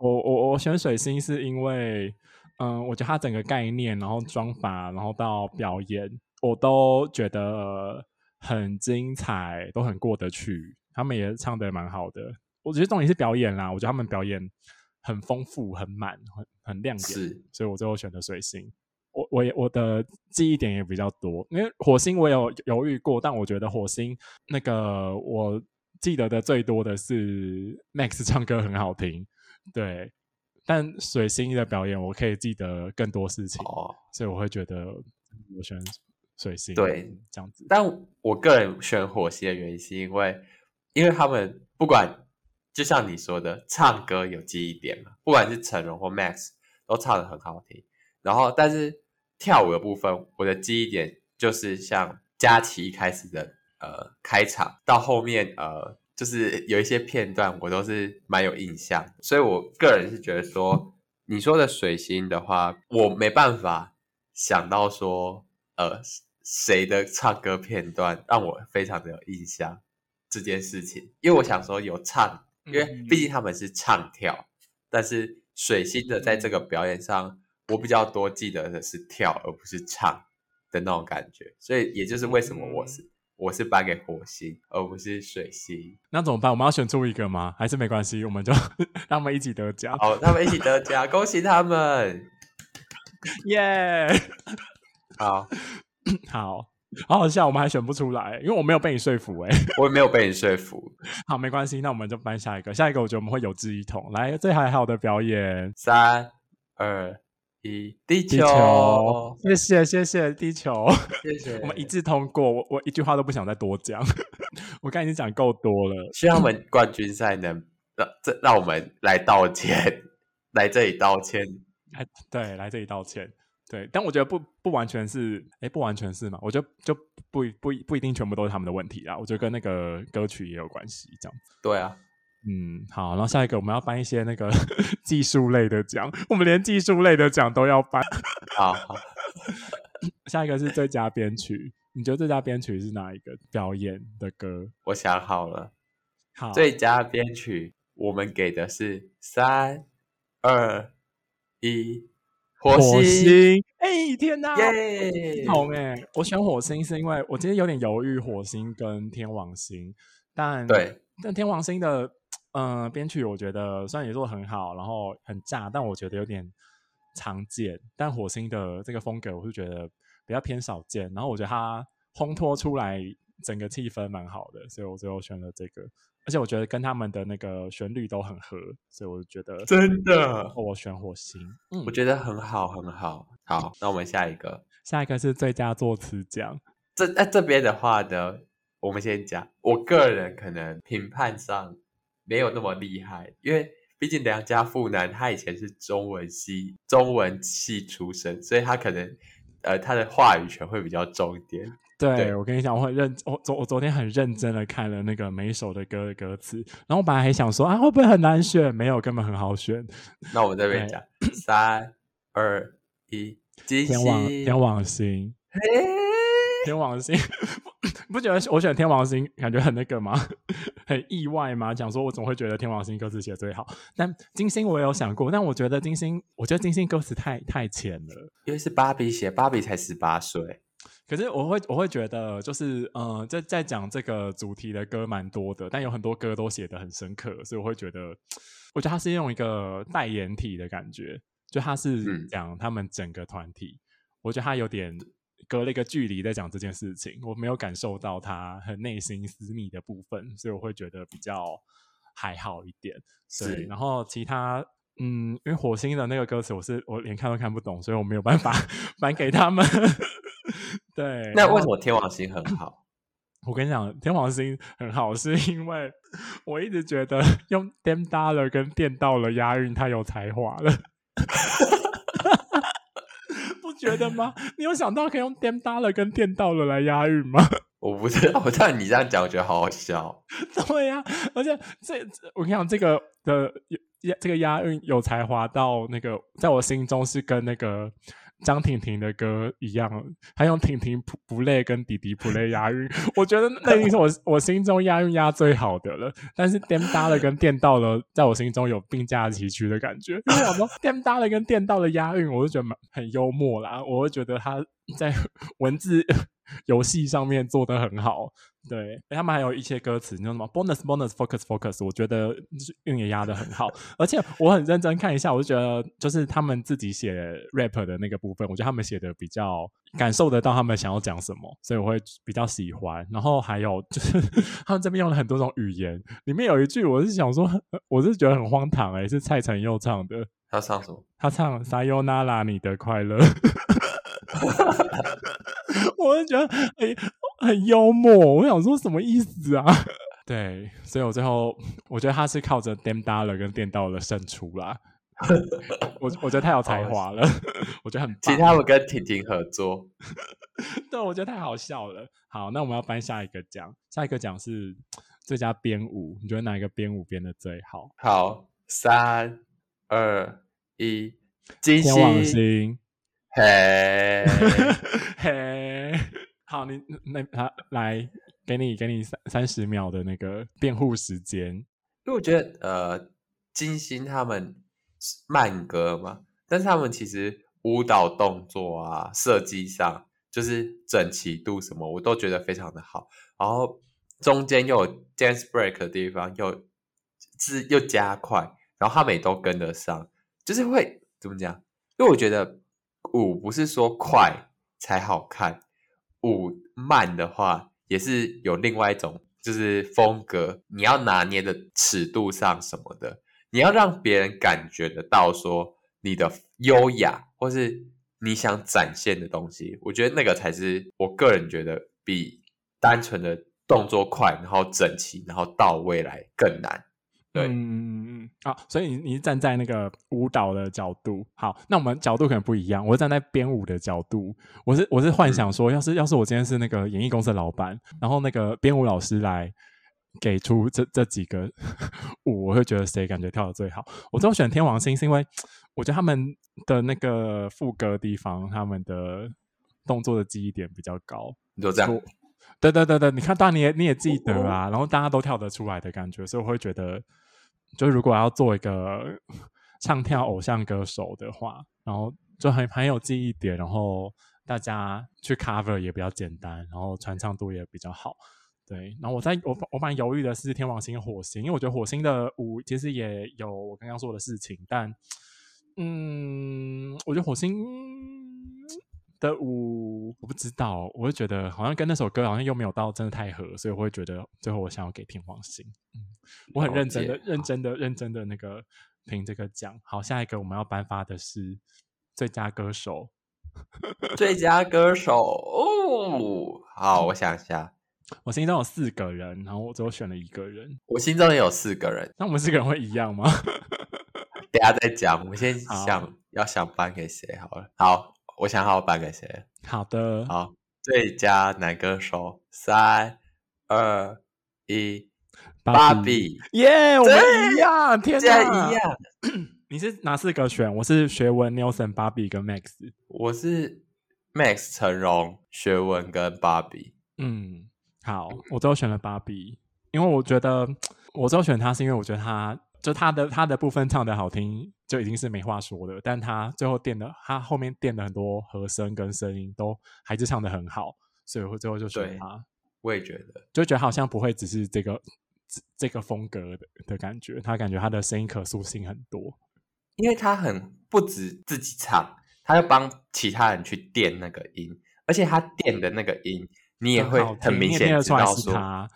我我我選水星是因為，嗯，我覺得它整個概念，然後妝髮，然後到表演，我都覺得很精彩，都很過得去。他們也唱的蠻好的，我覺得重點是表演啦，我覺得他們表演很豐富、很滿、很很亮眼，是，所以我最後選擇水星。我我也我的記憶點也比較多，因為火星我有猶豫過，但我覺得火星那個我記得的最多的是 Max 唱歌很好聽。對，但水星的表演，我可以記得更多事情，哦、所以我會覺得我喜歡水星。對，這樣子。但我個人選火星的原因，是因為因為他們不管，就像你說的，唱歌有記憶點嘛，不管是成榮或 Max，都唱得很好聽。然後，但是跳舞的部分，我的記憶點就是像佳琪一開始的呃開場，到後面呃。就是有一些片段，我都是蠻有印象，所以我個人是覺得說，你說的水星的話，我沒辦法想到說，呃，誰的唱歌片段讓我非常的有印象這件事情，因為我想說有唱，因為畢竟他們是唱跳，嗯嗯。但是水星的在這個表演上，我比較多記得的是跳，而不是唱的那種感覺，所以也就是為什麼我是。我是頒給火星，而不是水星。那怎麼辦？我們要選出一個嗎？還是沒關係？我們就 [laughs] 讓他們一起得獎。好、哦，他們一起得獎， [laughs] 恭喜他們！耶、yeah! [laughs] 好好， [coughs] 好好笑。我們還選不出來，因為我沒有被你說服哎，我也沒有被你說服。 [laughs] 好，沒關係，那我們就頒下一個。下一個，我覺得我們會有志一同。來，最還好的表演。三二。一地，地、哦、地球！謝謝謝謝地球， [laughs] 我們一致通過，我我一句話都不想再多講， [laughs] 我剛才已經講夠多了。希望我們冠軍賽能 [laughs] 讓這讓我們來道歉，來這裡道歉，對，來這裡道歉。對，但我覺得不不完全是，哎、欸，不完全是嘛。我覺得就不不不不一定全部都是他們的問題啦，我覺得跟那個歌曲也有關係，這樣子對啊。嗯，好，然後下一個我們要頒一些那個 [laughs] 技術類的獎，我們連技術類的獎都要頒。 [laughs] 好，好， [laughs] 下一個是最佳編曲，你覺得最佳編曲是哪一個表演的歌？我想好了，好，最佳編曲我們給的是三二一火星，哎、欸，天吶、啊，yeah! 好，哎，我選火星是因為我今天有點猶豫火星跟天王星，當然對，但天王星的。嗯，編曲我覺得雖然也做很好，然後很炸，但我覺得有點常見。但火星的這個風格，我是覺得比較偏少見。然後我覺得它烘托出來整個氣氛蠻好的，所以我最後選了這個。而且我覺得跟他們的那個旋律都很合，所以我就覺得真的。我選火星，嗯，我覺得很好，很好。好，那我們下一個，下一個是最佳作詞獎。這在、啊、這邊的話呢，我們先講，我個人可能評判上。沒有那麼厲害，因為畢竟良家腹男他以前是中文系、中文系出身，所以他可能呃他的話語權會比較重一點對。對，我跟你講，我很認我，我昨我昨天很認真的看了那個每一首的歌的歌詞，然後我本來還想說啊會不會很難選，沒有根本很好選。那我們這邊講，三二一，天王天王星。天王星不，不覺得我選天王星感覺很那個嗎？很意外嗎？講說我怎麼會覺得天王星歌詞寫最好？但金星我也有想過，但我覺得金星，我覺得金星歌詞太太淺了，因為是芭比寫，芭比才十八歲。可是我會我會覺得、就是呃，就是嗯，在在講這個主題的歌蠻多的，但有很多歌都寫的很深刻，所以我會覺得，我覺得他是用一,一個代言體的感覺，就他是講他們整個團體，嗯、我覺得他有點。隔了一個距離在講這件事情，我沒有感受到他很內心私密的部分，所以我會覺得比較還好一點。對，所以，然後其他，嗯，因為火星的那個歌詞我是我連看都看不懂，所以我沒有辦法頒 [laughs] 給他們。 [laughs] 對，那為什麼天王星很好？我跟你講，天王星很好，是因為我一直覺得用 damn dollar 跟電到了押韻太有才華了。 [laughs] [laughs] 覺得嗎？你有想到可以用電搭了跟電到了來押韻嗎？我不知道，我知道你這樣講，我覺得好好笑。 [laughs] 對呀、啊，而且這，這我跟你講，這個的押這個押韻有才華到那個，在我心中是跟那個。張婷婷的歌一樣，她用婷婷不不累跟迪迪不累押韻， [laughs] 我覺得那一是我 [laughs] 我心中押韻押最好的了。但是顛搭了跟顛倒了，在我心中有並駕齊驅的感覺， [laughs] 因為我說顛搭了跟顛倒了押韻，我就覺得蠻很幽默啦，我會覺得他。在文字遊戲上面做得很好，對，他們還有一些歌詞，你知道嗎？bonus bonus focus focus”，我覺得韻也押得很好。 [laughs] 而且我很認真看一下，我就覺得就是他們自己寫 rap 的那個部分，我覺得他們寫得比較感受得到他們想要講什麼，所以我會比較喜歡。然後還有就是他們這邊用了很多種語言，裡面有一句我是想說，我是覺得很荒唐哎、欸，是蔡成佑唱的，他唱什麼？他唱 “Sayonara 你的快樂”。哈哈哈哈哈！我就覺得哎、欸、很幽默，我想說什麼意思啊？對，所以我最後我覺得他是靠着 Dame Dollar 跟 Dame Dollar 勝出啦。 [laughs] 我我覺得太有才華了， [laughs] 我覺得很棒。其他們跟婷婷合作， [laughs] 對，我覺得太好笑了。好，那我們要頒下一個獎，下一個獎是最佳編舞，你覺得哪一個編舞編得最好？好，三二一，金星。嘿，嘿，好，你那他、啊、來給你給你三三十秒的那個辯護時間，因為我覺得呃，金星他們慢歌嘛，但是他們其實舞蹈動作啊，設計上就是整齊度什麼，我都覺得非常的好。然後中間又有 dance break 的地方，又是又加快，然後他們也都跟得上，就是會怎麼講？因為我覺得。舞不是說快才好看，舞慢的話也是有另外一種就是風格，你要拿捏的尺度上什麼的，你要讓別人感覺得到說你的優雅或是你想展現的東西，我覺得那個才是我個人覺得比單純的動作快，然後整齊，然後到位來更難。對，嗯嗯嗯嗯，好、啊，所以你你站在那個舞蹈的角度，好，那我們角度可能不一樣。我站在編舞的角度，我是我是幻想說，要、嗯、是要是我今天是那個演藝公司的老闆，然後那個編舞老師來給出這這幾個舞，我會覺得誰感覺跳的最好、嗯。我最後選天王星是因為，我覺得他們的那個副歌地方，他們的動作的記憶點比較高。你就這樣。對對對對，你看，當然你也你也記得啊哦哦，然後大家都跳得出來的感覺，所以我會覺得，就如果要做一個唱跳偶像歌手的話，然後就很很有記憶點，然後大家去 cover 也比較簡單，然後傳唱度也比較好，對。然後我在我我蠻猶豫的是天王星火星，因為我覺得火星的舞其實也有我剛剛說的事情，但嗯，我覺得火星。的舞，我不知道，我就覺得好像跟那首歌好像又沒有到真的太合，所以我會覺得最後我想要給天王星，嗯，我很認真的,認真的、認真的、認真的那個評這個獎。好，下一個我們要頒發的是最佳歌手，最佳歌手哦。好，我想一下，我心中有四個人，然後我最後選了一個人。我心中也有四個人，那我們四個人會一樣嗎？ [laughs] 等下再講，我先想要想頒給誰好了。好。我想好頒給誰？好的，好，最佳男歌手，三、二、一，芭比耶，我也一樣，天哪，這一樣！ [coughs] 你是哪四個選？我是學文、n e l s o n 芭比跟 Max，我是 Max、成榮、學文跟芭比。嗯，好，我最後選了芭比， [laughs] 因為我覺得我最後選他是因為我覺得他。就他的他的部分唱得好聽就已經是沒話說的，但他最後墊的他後面墊的很多和聲跟聲音都還是唱得很好，所以我最後就選他對。我也覺得，就覺得好像不會只是這個這個風格的，的感覺，他感覺他的聲音可塑性很多，因為他很不止自己唱，他要幫其他人去墊那個音，而且他墊的那個音，你也會很明顯知道說、那個、是他。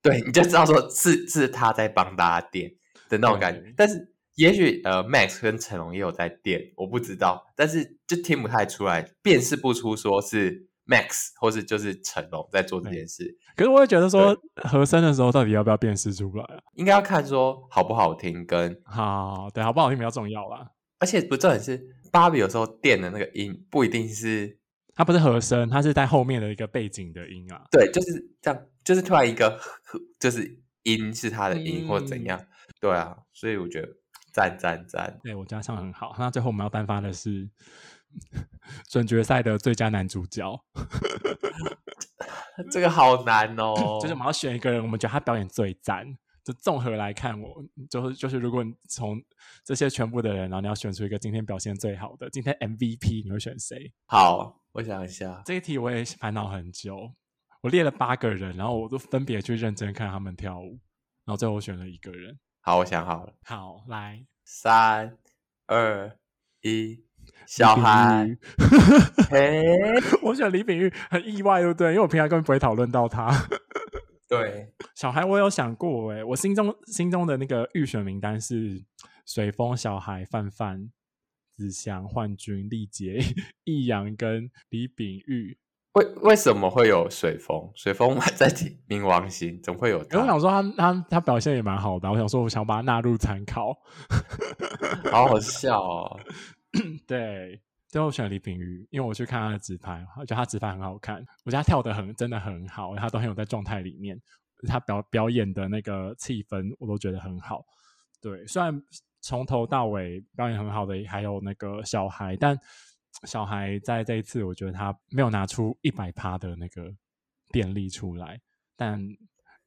對，你就知道說是是他在幫大家墊。的那種感覺，對對對，但是也許呃，Max 跟成龍也有在電，我不知道，但是就聽不太出來，辨識不出說是 Max 或是就是成龍在做這件事。可是我會覺得說和聲的時候，到底要不要辨識出來啊？應該要看說好不好聽跟好對，好不好聽比較重要啦。而且不重點是芭比有時候電的那個音不一定是他，不是和聲，他是在後面的一個背景的音啊。對，就是這樣，就是突然一個和就是音是他的音或怎樣。嗯。對啊，所以我覺得讚讚讚。對，我覺得這樣很好，嗯。那最後我們要頒發的是 [laughs] 準決賽的最佳男主角。 [laughs] [laughs] 這個好難哦，就是我們要選一個人，我們覺得他表演最讚。就綜合來看，我就是就是，就是，如果你從這些全部的人，然後你要選出一個今天表現最好的，今天 MVP 你會選誰？好，是不是，我想一下，這一題我也煩惱很久。我列了八個人，然後我都分別去認真看他們跳舞，然後最後我選了一個人。好，我想好了。好，好來，三二一，小孩，秉 [laughs] 我選李炳玉，很意外，對不對？因為我平常根本不會討論到他。對，小孩，我有想過誒，我心中心中的那個預選名單是：隨風、小孩、范范、紫祥、幻君、麗杰、易烊跟李炳玉。為為什麼會有水風？水風還在提冥王星，怎麼會有？我想說他他他表現也蠻好的。我想說，我想把他納入參考。 [laughs] [laughs] 好好笑哦！ [coughs] 對，最後選李品禹，因為我去看他的直拍，我覺得他直拍很好看。我覺得他跳得很真的很好，他都很有在狀態裡面。他表表演的那個氣氛，我都覺得很好。對，雖然從頭到尾表演很好的還有那個小孩，但。小孩在這一次，我覺得他沒有拿出一百趴的那個電力出來。但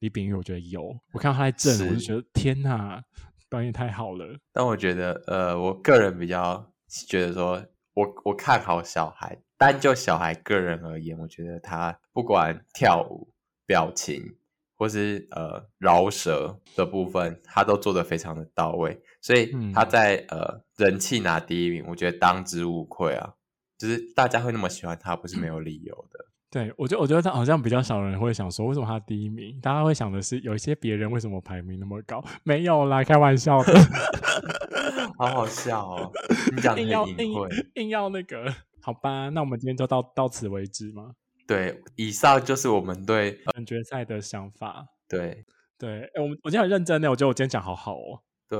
李秉煜，我覺得有。我看到他在震，我就覺得天哪，表演太好了。但我覺得，呃，我個人比較覺得說，我我看好小孩。但就小孩個人而言，我覺得他不管跳舞、表情或是呃饒舌的部分，他都做得非常的到位。所以他在、嗯、呃人氣拿第一名，我覺得當之無愧啊。就是大家會那麼喜歡他，不是沒有理由的。對，我覺得，我覺得他好像比較少人會想說，為什麼他第一名？大家會想的是，有一些別人為什麼排名那麼高？沒有啦，開玩笑的，好好笑哦！ [laughs] [laughs] 你講的很隱晦，硬要那個，好吧？那我們今天就到到此為止嘛？對，以上就是我們對本決賽的想法。對對，哎，我們我今天很認真的，我覺得我今天講好好哦。對，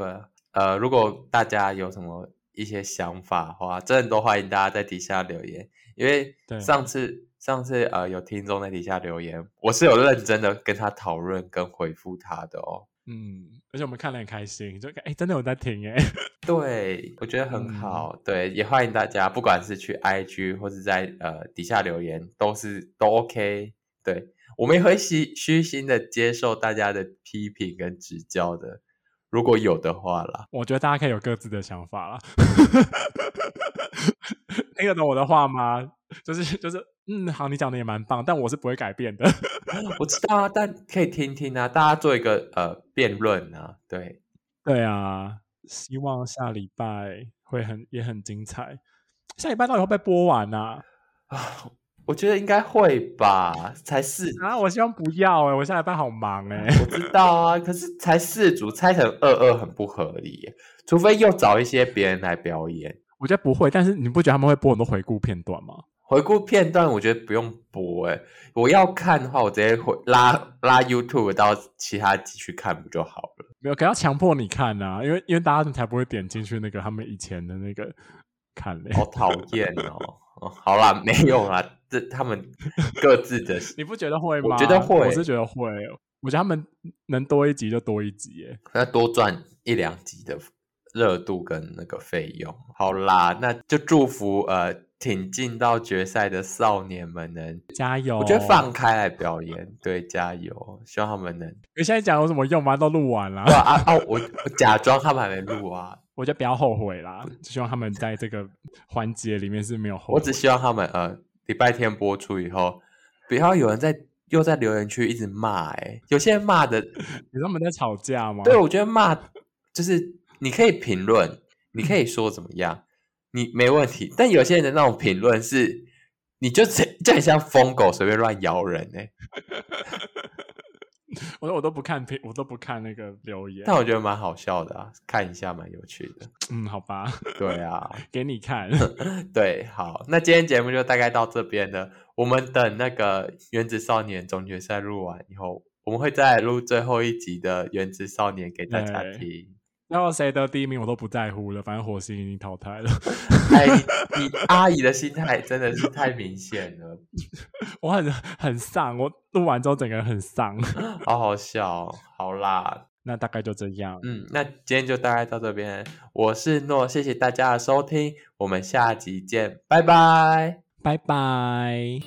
呃，如果大家有什麼一些想法哈，真的都歡迎大家在底下留言，因為上次對上次呃有聽眾在底下留言，我是有認真的跟他討論跟回復他的哦。嗯，而且我們看了很開心，就哎真的我在聽誒。對我覺得很好，嗯，對也歡迎大家，不管是去 IG 或是在呃底下留言都是都 OK，對我們也會虛虛心的接受大家的批評跟指教的。如果有的話啦，我覺得大家可以有各自的想法啦。 [laughs] [laughs] 聽得懂我的話嗎？就是就是，嗯，好，你講的也蠻棒，但我是不會改變的。 [laughs] 我知道啊，但可以聽聽啊，大家做一個呃辯論啊，對對啊，希望下禮拜會很也很精彩。下禮拜到底會不會播完啊？我覺得應該會吧，才四 4... 啊！我希望不要哎、欸，我下禮拜好忙哎、欸。 [laughs] 我知道啊，可是才四組，猜成二二很不合理、欸，除非又找一些別人來表演。我覺得不會，但是你不覺得他們會播很多回顧片段嗎？回顧片段我覺得不用播哎、欸，我要看的話，我直接回拉拉 YouTube 到其他集去看不就好了？沒有，可要強迫你看啊，因為因為大家才不會點進去那個他們以前的那個看了，好討厭哦！ [laughs] 好啦，沒有啦。 [laughs] 這他們各自的， [laughs] 你不覺得會嗎？我覺得會，我是覺得會。我覺得他們能多一集就多一集，哎，那多賺一兩集的熱度跟那個費用。好啦，那就祝福呃挺進到決賽的少年們，能加油。我覺得放開來表演， [laughs] 對，加油，希望他們能。你現在講有什麼用嗎？都錄完了啊。 [laughs] 啊啊！我我假裝他們還沒錄啊， [laughs] 我就不要後悔啦。希望他們在這個環節裡面是沒有後悔。 [laughs] 我只希望他們呃。禮拜天播出以後，比方有人在又在留言區一直罵，哎，有些人罵的，有他們在吵架嗎？對，我覺得罵就是你可以評論， [laughs] 你可以說怎麼樣，你沒問題。但有些人的那種評論是，你就就很像瘋狗隨便亂咬人誒，哎。 [laughs] 我我都不看評，我都不看那個留言，但我覺得蠻好笑的啊，看一下蠻有趣的。嗯，好吧，對啊， [laughs] 給你看， [laughs] 對，好，那今天節目就大概到這邊了。我們等那個《原子少年》總決賽錄完以後，我們會再錄最後一集的《原子少年》給大家聽。然後誰得第一名我都不在乎了，反正火星已經淘汰了。哎，你， [laughs] 你阿姨的心態真的是太明顯了。我很很喪，我錄完之後整個人很喪，好、哦、好笑，好啦，那大概就這樣。嗯，那今天就大概到這邊。我是諾，謝謝大家的收聽，我們下集見，拜拜，拜拜。